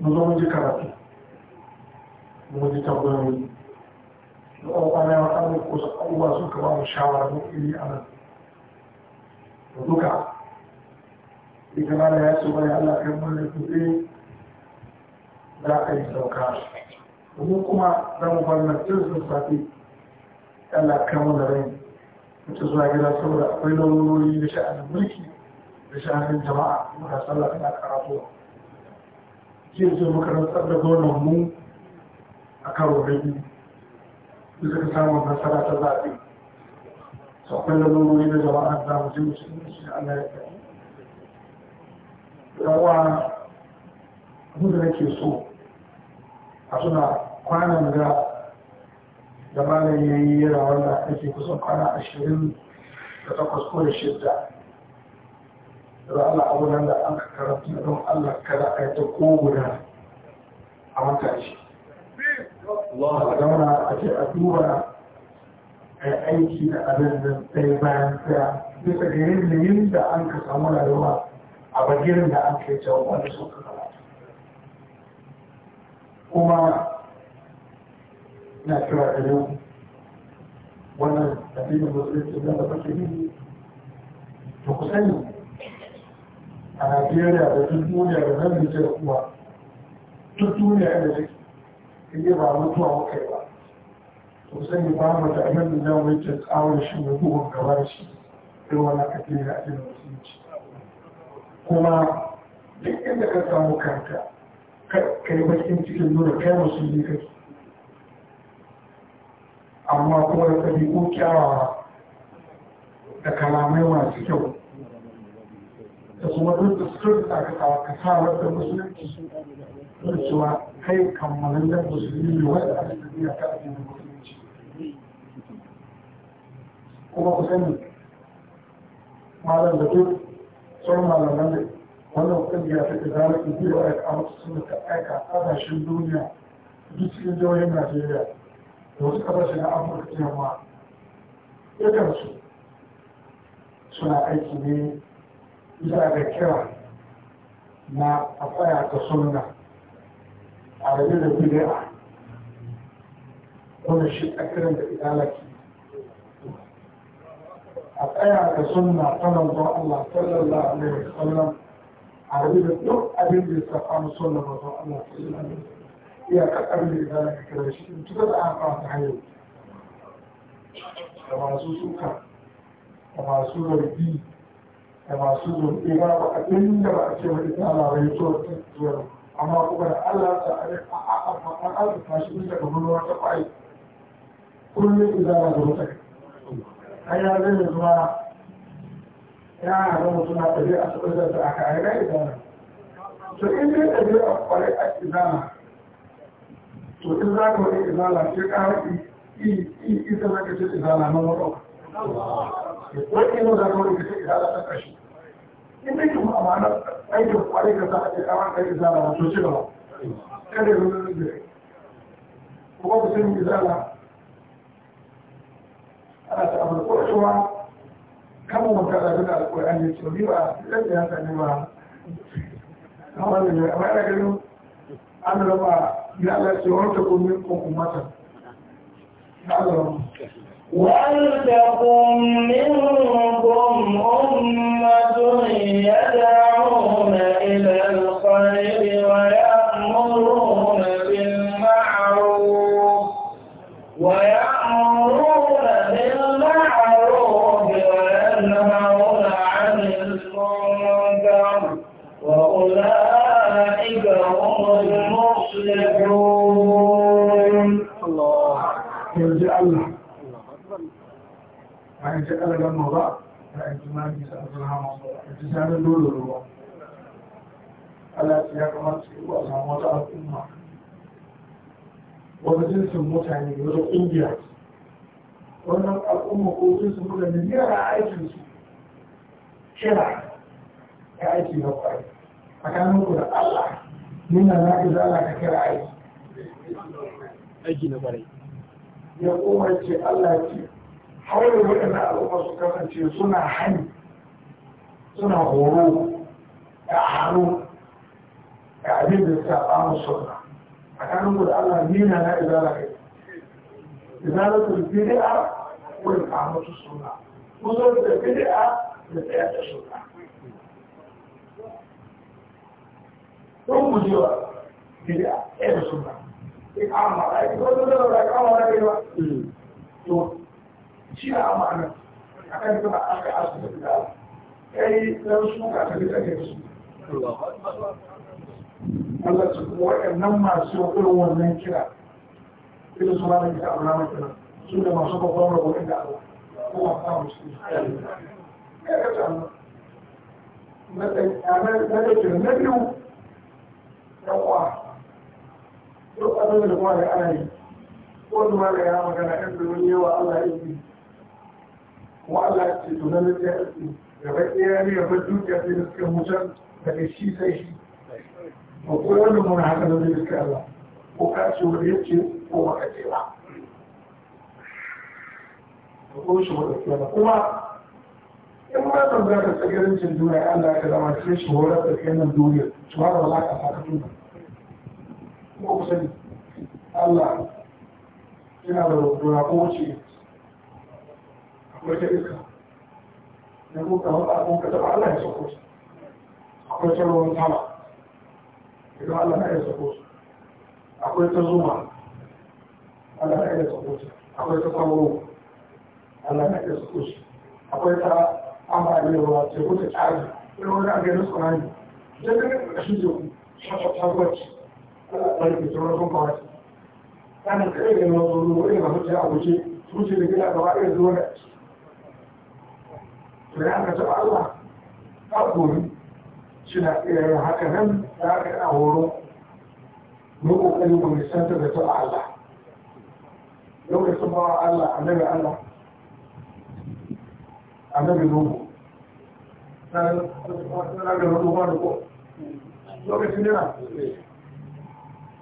mu zo mu ji karatu, mu ji tambayoyi. Da ƙwaƙwana ya wata ko su abubuwa suka ba mu shawara mu iri a nan. duka ita da ya ce wani Allah kan mana kuɗi za a yi sauka domin kuma za mu bar na cin sun safi Allah kan mana rai mutu zuwa gida saboda akwai lauyoyi da sha'anin mulki da sha'anin jama'a muka sallah tana karatu jiya zo muka rantsar da gonan mu a karo rabi da suka samu nasara ta zaɓe su akwai lauyoyi da jama'a za mu je mu shi Allah ya kai yawa abinda da nake so a suna kwanan da da malam ya yi yara wanda ake kusan kwana ashirin da takwas ko da shidda da Allah nan da an karanta don Allah kada a yi ta ko guda a wata shi a zauna a ce a duba a yi aiki da abin da ɗaya bayan ɗaya bisa ga yin da an ka samu rayuwa a bagirin da an kai cewa wanda sun kuma na kira da yau wannan addinin musulunci da da kake yi to ku sani a najeriya da duk duniya da zan da kuma duk duniya da take in ba mutuwa muka yi ba to sani ba mu da nan da mai tsawon shi ne bugun gabar shi irin wannan addinin addinin musulunci kuma duk inda ka samu kanka ka yi bakin cikin nuna kai musulmi kake amma kuma da ɗabi'u kyawawa da kalamai masu kyau da kuma duk da suka da aka sa ka sa wadda musulunci don cewa kai kammalin da musulmi ne wata a cikin ta addinin musulunci kuma ku sani malam da duk sauran malaman da wannan kungiya ta tazara ta biyu a kamata sun da aika kasashen duniya duk cikin jihohin najeriya da wasu kasashen na afirka ta yamma dukansu suna aiki ne bisa ga kira na a tsaya ta sunna a rabe da bid'a wanda shi a kiran da idalaki a tsaya da sunna ta manzon Allah sallallahu alaihi wasallam a rubuta duk abin da ya samu sunna manzon Allah sallallahu alaihi wasallam iya kakar da ya zaka kira shi in tuka da aka ta hanyar da masu suka da masu zargi da masu zurfi ba ba abin da ba a ce wa ita Allah bai to ta zuwa amma kuma da Allah ta a a a a a ta shi da kuma wata kwai kullum idan da wata ai ya zai zuwa ya zama suna a su ɗaga da aka aina izana to in dai ɗabi'a kwarai a izana to in za ka wani izana sai ka i ita na kace izana na maɗauka wani yanzu za ka wani kace izana ta ƙashi in dai kuma amana aikin kwarai ka za a ce kawai kai izana na to ci gaba kada yanzu zai kuma ku sun izana ana samun kwacewa kama makara da alkur'ani yi biyu a yadda ya sani ba amma da ne amma yana ganin an raba ya Allah ce wani ta kuma ko kuma ta ولتكن منكم أمة يدعون إلى الخير ce alagan ma ba a aiki mani sa sun hama su a ji sanin dole ruwa Allah ya kamata su yi a samu wata al'umma wani jinsin mutane wata ƙungiya wannan al'umma ko jinsin mutane yara aikinsu kira ka aiki na kwari a ku da Allah nuna na ka zala ka kira aiki aiki na kwari ya koma ce Allah ce حوالي ان الوقت كما انتي صنع حن صنع غروب احروب قاعدين بالتعبان الصنع فكان نقول الله مين انا اذا لكي اذا لكي البدعة والقامة الصنع وزر البدعة بالتعبان الصنع ثم جوا بدعة ايه الصنع إقامة لا يقول لك إقامة لا يقول لك shi na amana a kan kuma an ka asibiti da kai don su ka tafi da kai su Allah su kuma waɗannan masu irin wannan kira irin su ranar gida abu ranar kira su da masu babban rabo inda Allah kuma ta musu ya ka samu na da kira na biyu ɗan uwa duk abin da kuma da ana yi ko da ya magana ɗan da wani yawa Allah ya yi Wa'ala ya ce tunanin da ya ce gaba ɗaya ne ya bar dukiya sai da suka mutar daga shi sai shi ba ko wanda mun haka da zai suka Allah ko ka ce wani ya ce ko ba ka ce ba ba ko shi ba da ba kuma in ma kan za ka juna, duniya Allah ya zama sai shi horar da kai nan duniya su Ba wala ka saka tuna kuma ku sani Allah yana da rubutu ko wuce. akwai ta iska na kuka wata abin ta taɓa Allah ya sako su akwai ta ruwan sama idan Allah ya sako su akwai ta zuma Allah ya sako su akwai ta sauro Allah ya sako su akwai ta ambaliyar ruwa teku ta tsari irin wani agarin tsunami don ganin ƙarshen teku shafa tabbaci Allah ta rike tsoron sun kawai kana kare da wani wani wani mafi a wuce su ce da gida gaba ɗaya zuwa da to ya aka taɓa Allah a kori suna iya haka nan da aka yana horo mu kokari mu nisanta da taɓa Allah lokacin bawa Allah annabi Allah annabi Nuhu na ga wani ko lokacin yana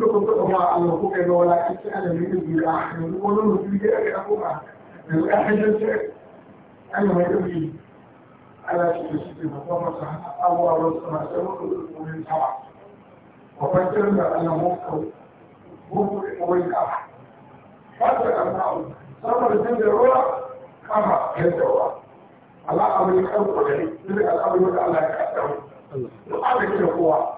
da kun taɓa ba Allah ko kai ga wala cikin alamin da biyu a yanzu wani mutum da aka ɗauko ba yanzu ya hanyar ce Allah mai ɗauki ala shi da shi ke babban masa abuwa wasu masu yawon da kumin tawa babban kiran da Allah mafi gugu da kawai kafa fata da ma'u saboda jin da ruwa kafa yadda ruwa Allah abin karko da ne duk al'amarin da Allah ya kaddaro duk da kowa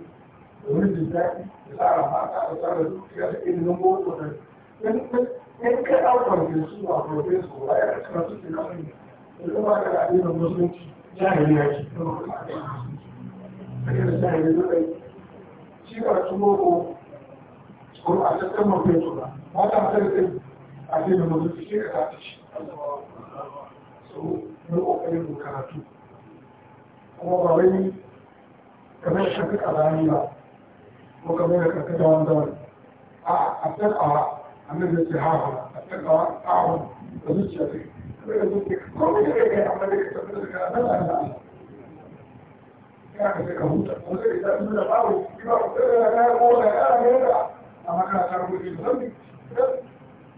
domin jin daɗi da tsara mata da tsara dukiya da ilimin boko da in ka ɗaukar da su a profeso a yara suna su tuna wani da kuma da addinin musulunci jahili ya ci da jahili da ɗai shi ba su boko ko a cikin profeso ba mata a cikin addinin musulunci shi ka ta ci so ne ƙoƙarin karatu kuma ba wani kamar shafi ƙazani ba muka bai da karkata wanda wani a attaqawa annabi ya ce ha ha attaqawa ta'awun da zuciya ce kai da zuciya komai da kai amma da ka tabbata da kana da Allah kana ka sai ka huta ko sai da su da bawo kina ko da ya ko da ya ne da amma kana ta rubuce da zambi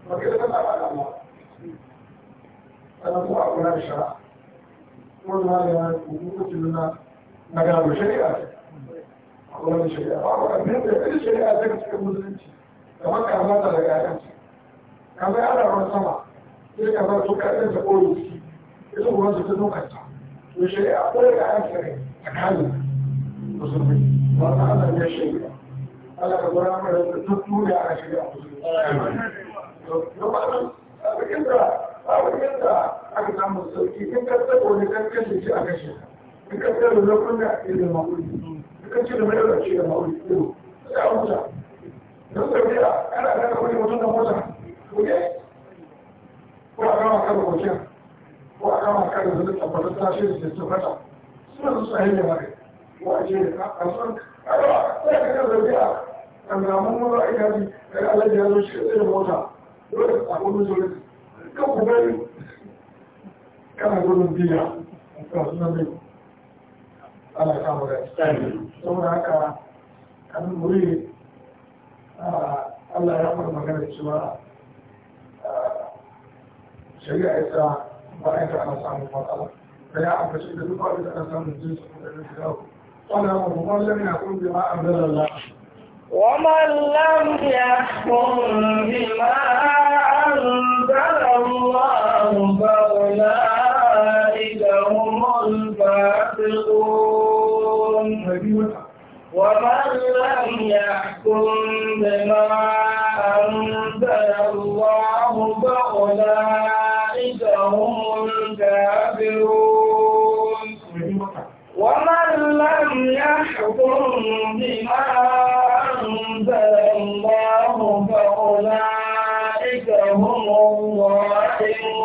ba kai da kana da Allah sannan kuma a kula da shara wannan ya yi hukuncin na na gano shari'a ce a wani shari'a babu abin da ya shari'a daga cikin musulunci da maka mata da ƴaƴanci kamar ana ruwan sama sai ka ba su kaɗan da ƙoro su ita ruwan su ta nukanta to shari'a ko da ƴaƴan shari'a tsakanin musulmi ba ta ana ne shari'a Allah ka gura mana da duk duniya a shari'a musulmi. Yau ba nan, abin da babu yadda aka samu sauki in ka tsaro ne kan kashe shi a kashe in ka tsaro na kunna ilmin makon kan ce da mai ɗauke da ma'auri ɗin sai a huta don sai da ana da wani mutum da mota ko ne ko a gama kan kwanciyar ko a gama kan da zai tabbatar ta shi da su fata suna su sa ko a ce da a san sai ka kan zargi a kan mun mura a ikaji daga alaji ya zo shi da mota dole a samu mutum kan ku bai kana gudun biya ga sunan mai ana samu da saboda haka an muri Allah ya fara magana cewa shari'a ita bayan ta ana samun matsala da ya ambaci da duk wani ana samun jinsu da rinsu dawo wanda ya mafi wani ya kun bi ma'a zarar la ومن لم يحكم بما أنزل الله فأولئك هم الفاسقون ومن لم يحكم بما أنزل الله فأولئك هم الكافرون ومن لم يحكم بما أنزل الله فأولئك هم الظالمون.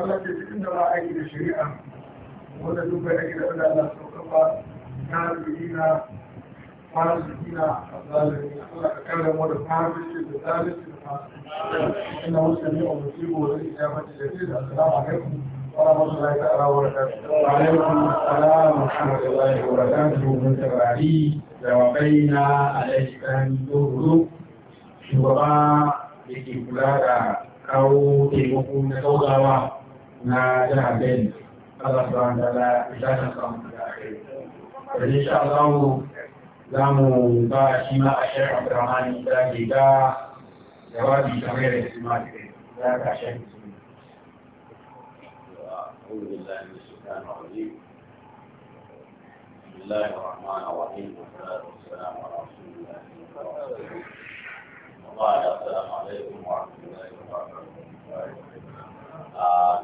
Allah ke cikin da ba aiki da shari'a wanda duk bai aiki da Allah ba kafirina fasikina a zalimi da fasikin da zalimi ina da da na da ke kula da kawo taimako na na jihar Benue Allah subhanahu wa ta'ala ya san samu da kai to insha Allah za mu ba shi ma a Sheikh Abdurrahman da ke ga jawabi kamar yadda su ma ke da ka Sheikh أعوذ بالله من الشيطان الرجيم بسم الله الرحمن الرحيم والصلاة والسلام على رسول الله وبعد السلام عليكم ورحمة الله وبركاته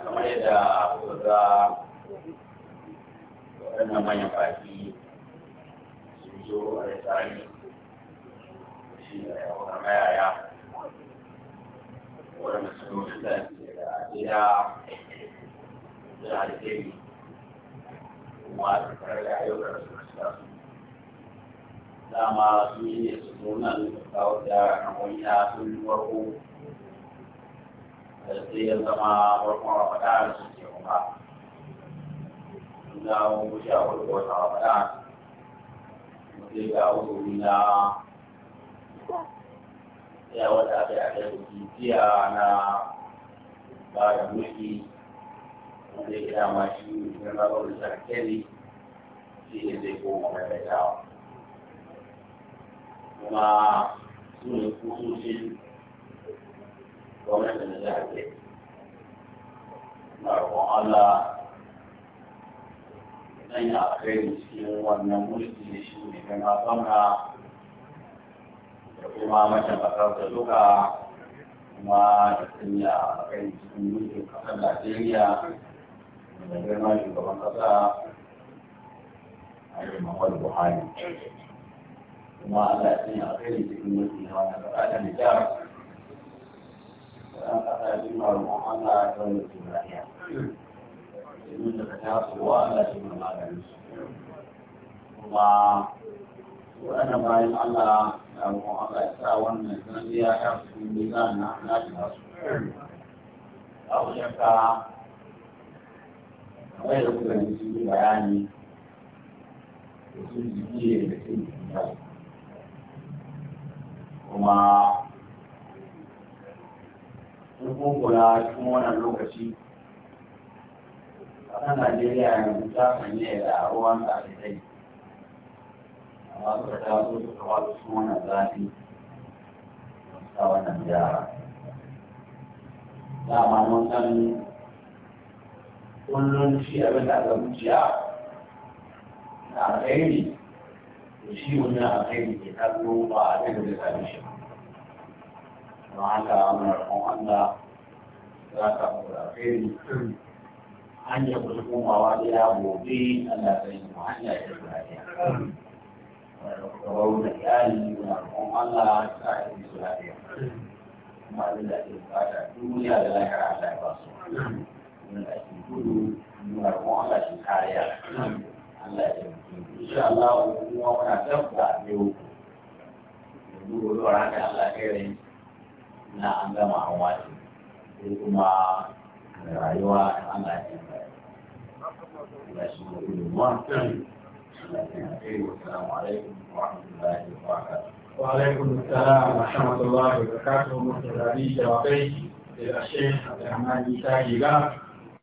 kamar yadda ga waɗannan manyan baki sun zo a tsari shi da yawon mayaya waɗanda su zo da gida da alheri kuma da karga ayyukan su suka su dama su yi ne su nan da kawo da wani sun farko sai ya zama farkon ramadan shi ke kuma na mun sha wani wata ramadan sai ga wuri na ya wata aka yi jiya na ba da mulki wanda ya dama shi na da sarkeli shi ne zai koma kuma su ne gwamnatin jihar ke na roƙon allah idan ya kai cikin wannan mulki shi ne kan gwamna da kuma mace bakar da duka kuma da a kai cikin mulkin kasar najeriya da girma shugaban kasa a yi muhammadu buhari kuma allah ya a kai cikin mulki na wannan kasa da nijar an kasa girma roƙon Allah ya wani mutum lafiya. Domin daga tasowa Allah shi ne maganin su. Kuma waɗannan bayan Allah ya roƙon Allah ya sa wannan sanadiya ya fi mizan na nashi nasu. Abu shakka kamar da kuka yi sun yi bayani da sun jiki da sun jiki kuma sun kula cikin wannan lokaci kan najeriya yanzu ta sanye da ruwan ɗalibai amma suka taso suka wasu cikin wannan zafi ta wannan jihar dama mun san kullum shi abin da aka zuciya na alkhairi to shi wannan alkhairi ke kallo ba a cikin da sami shi ba don haka muna roƙon Allah za ka mu da alheri hanyar kusa komawa gida gobe Allah ta yi mu hanya ta lafiya kawai da iyali muna roƙon Allah ta yi su lafiya kuma abin da ake bukata duniya da lafiya Allah ya ba su abin da ake gudu muna roƙon Allah shi kariya Allah ya taimake insha Allah kuma muna tabbata yau da duk wani Allah ya kai na an gama an wace sai kuma rayuwa da yi shi ne Assalamu alaikum wa rahmatullahi wa barakatuh. Wa alaikum assalam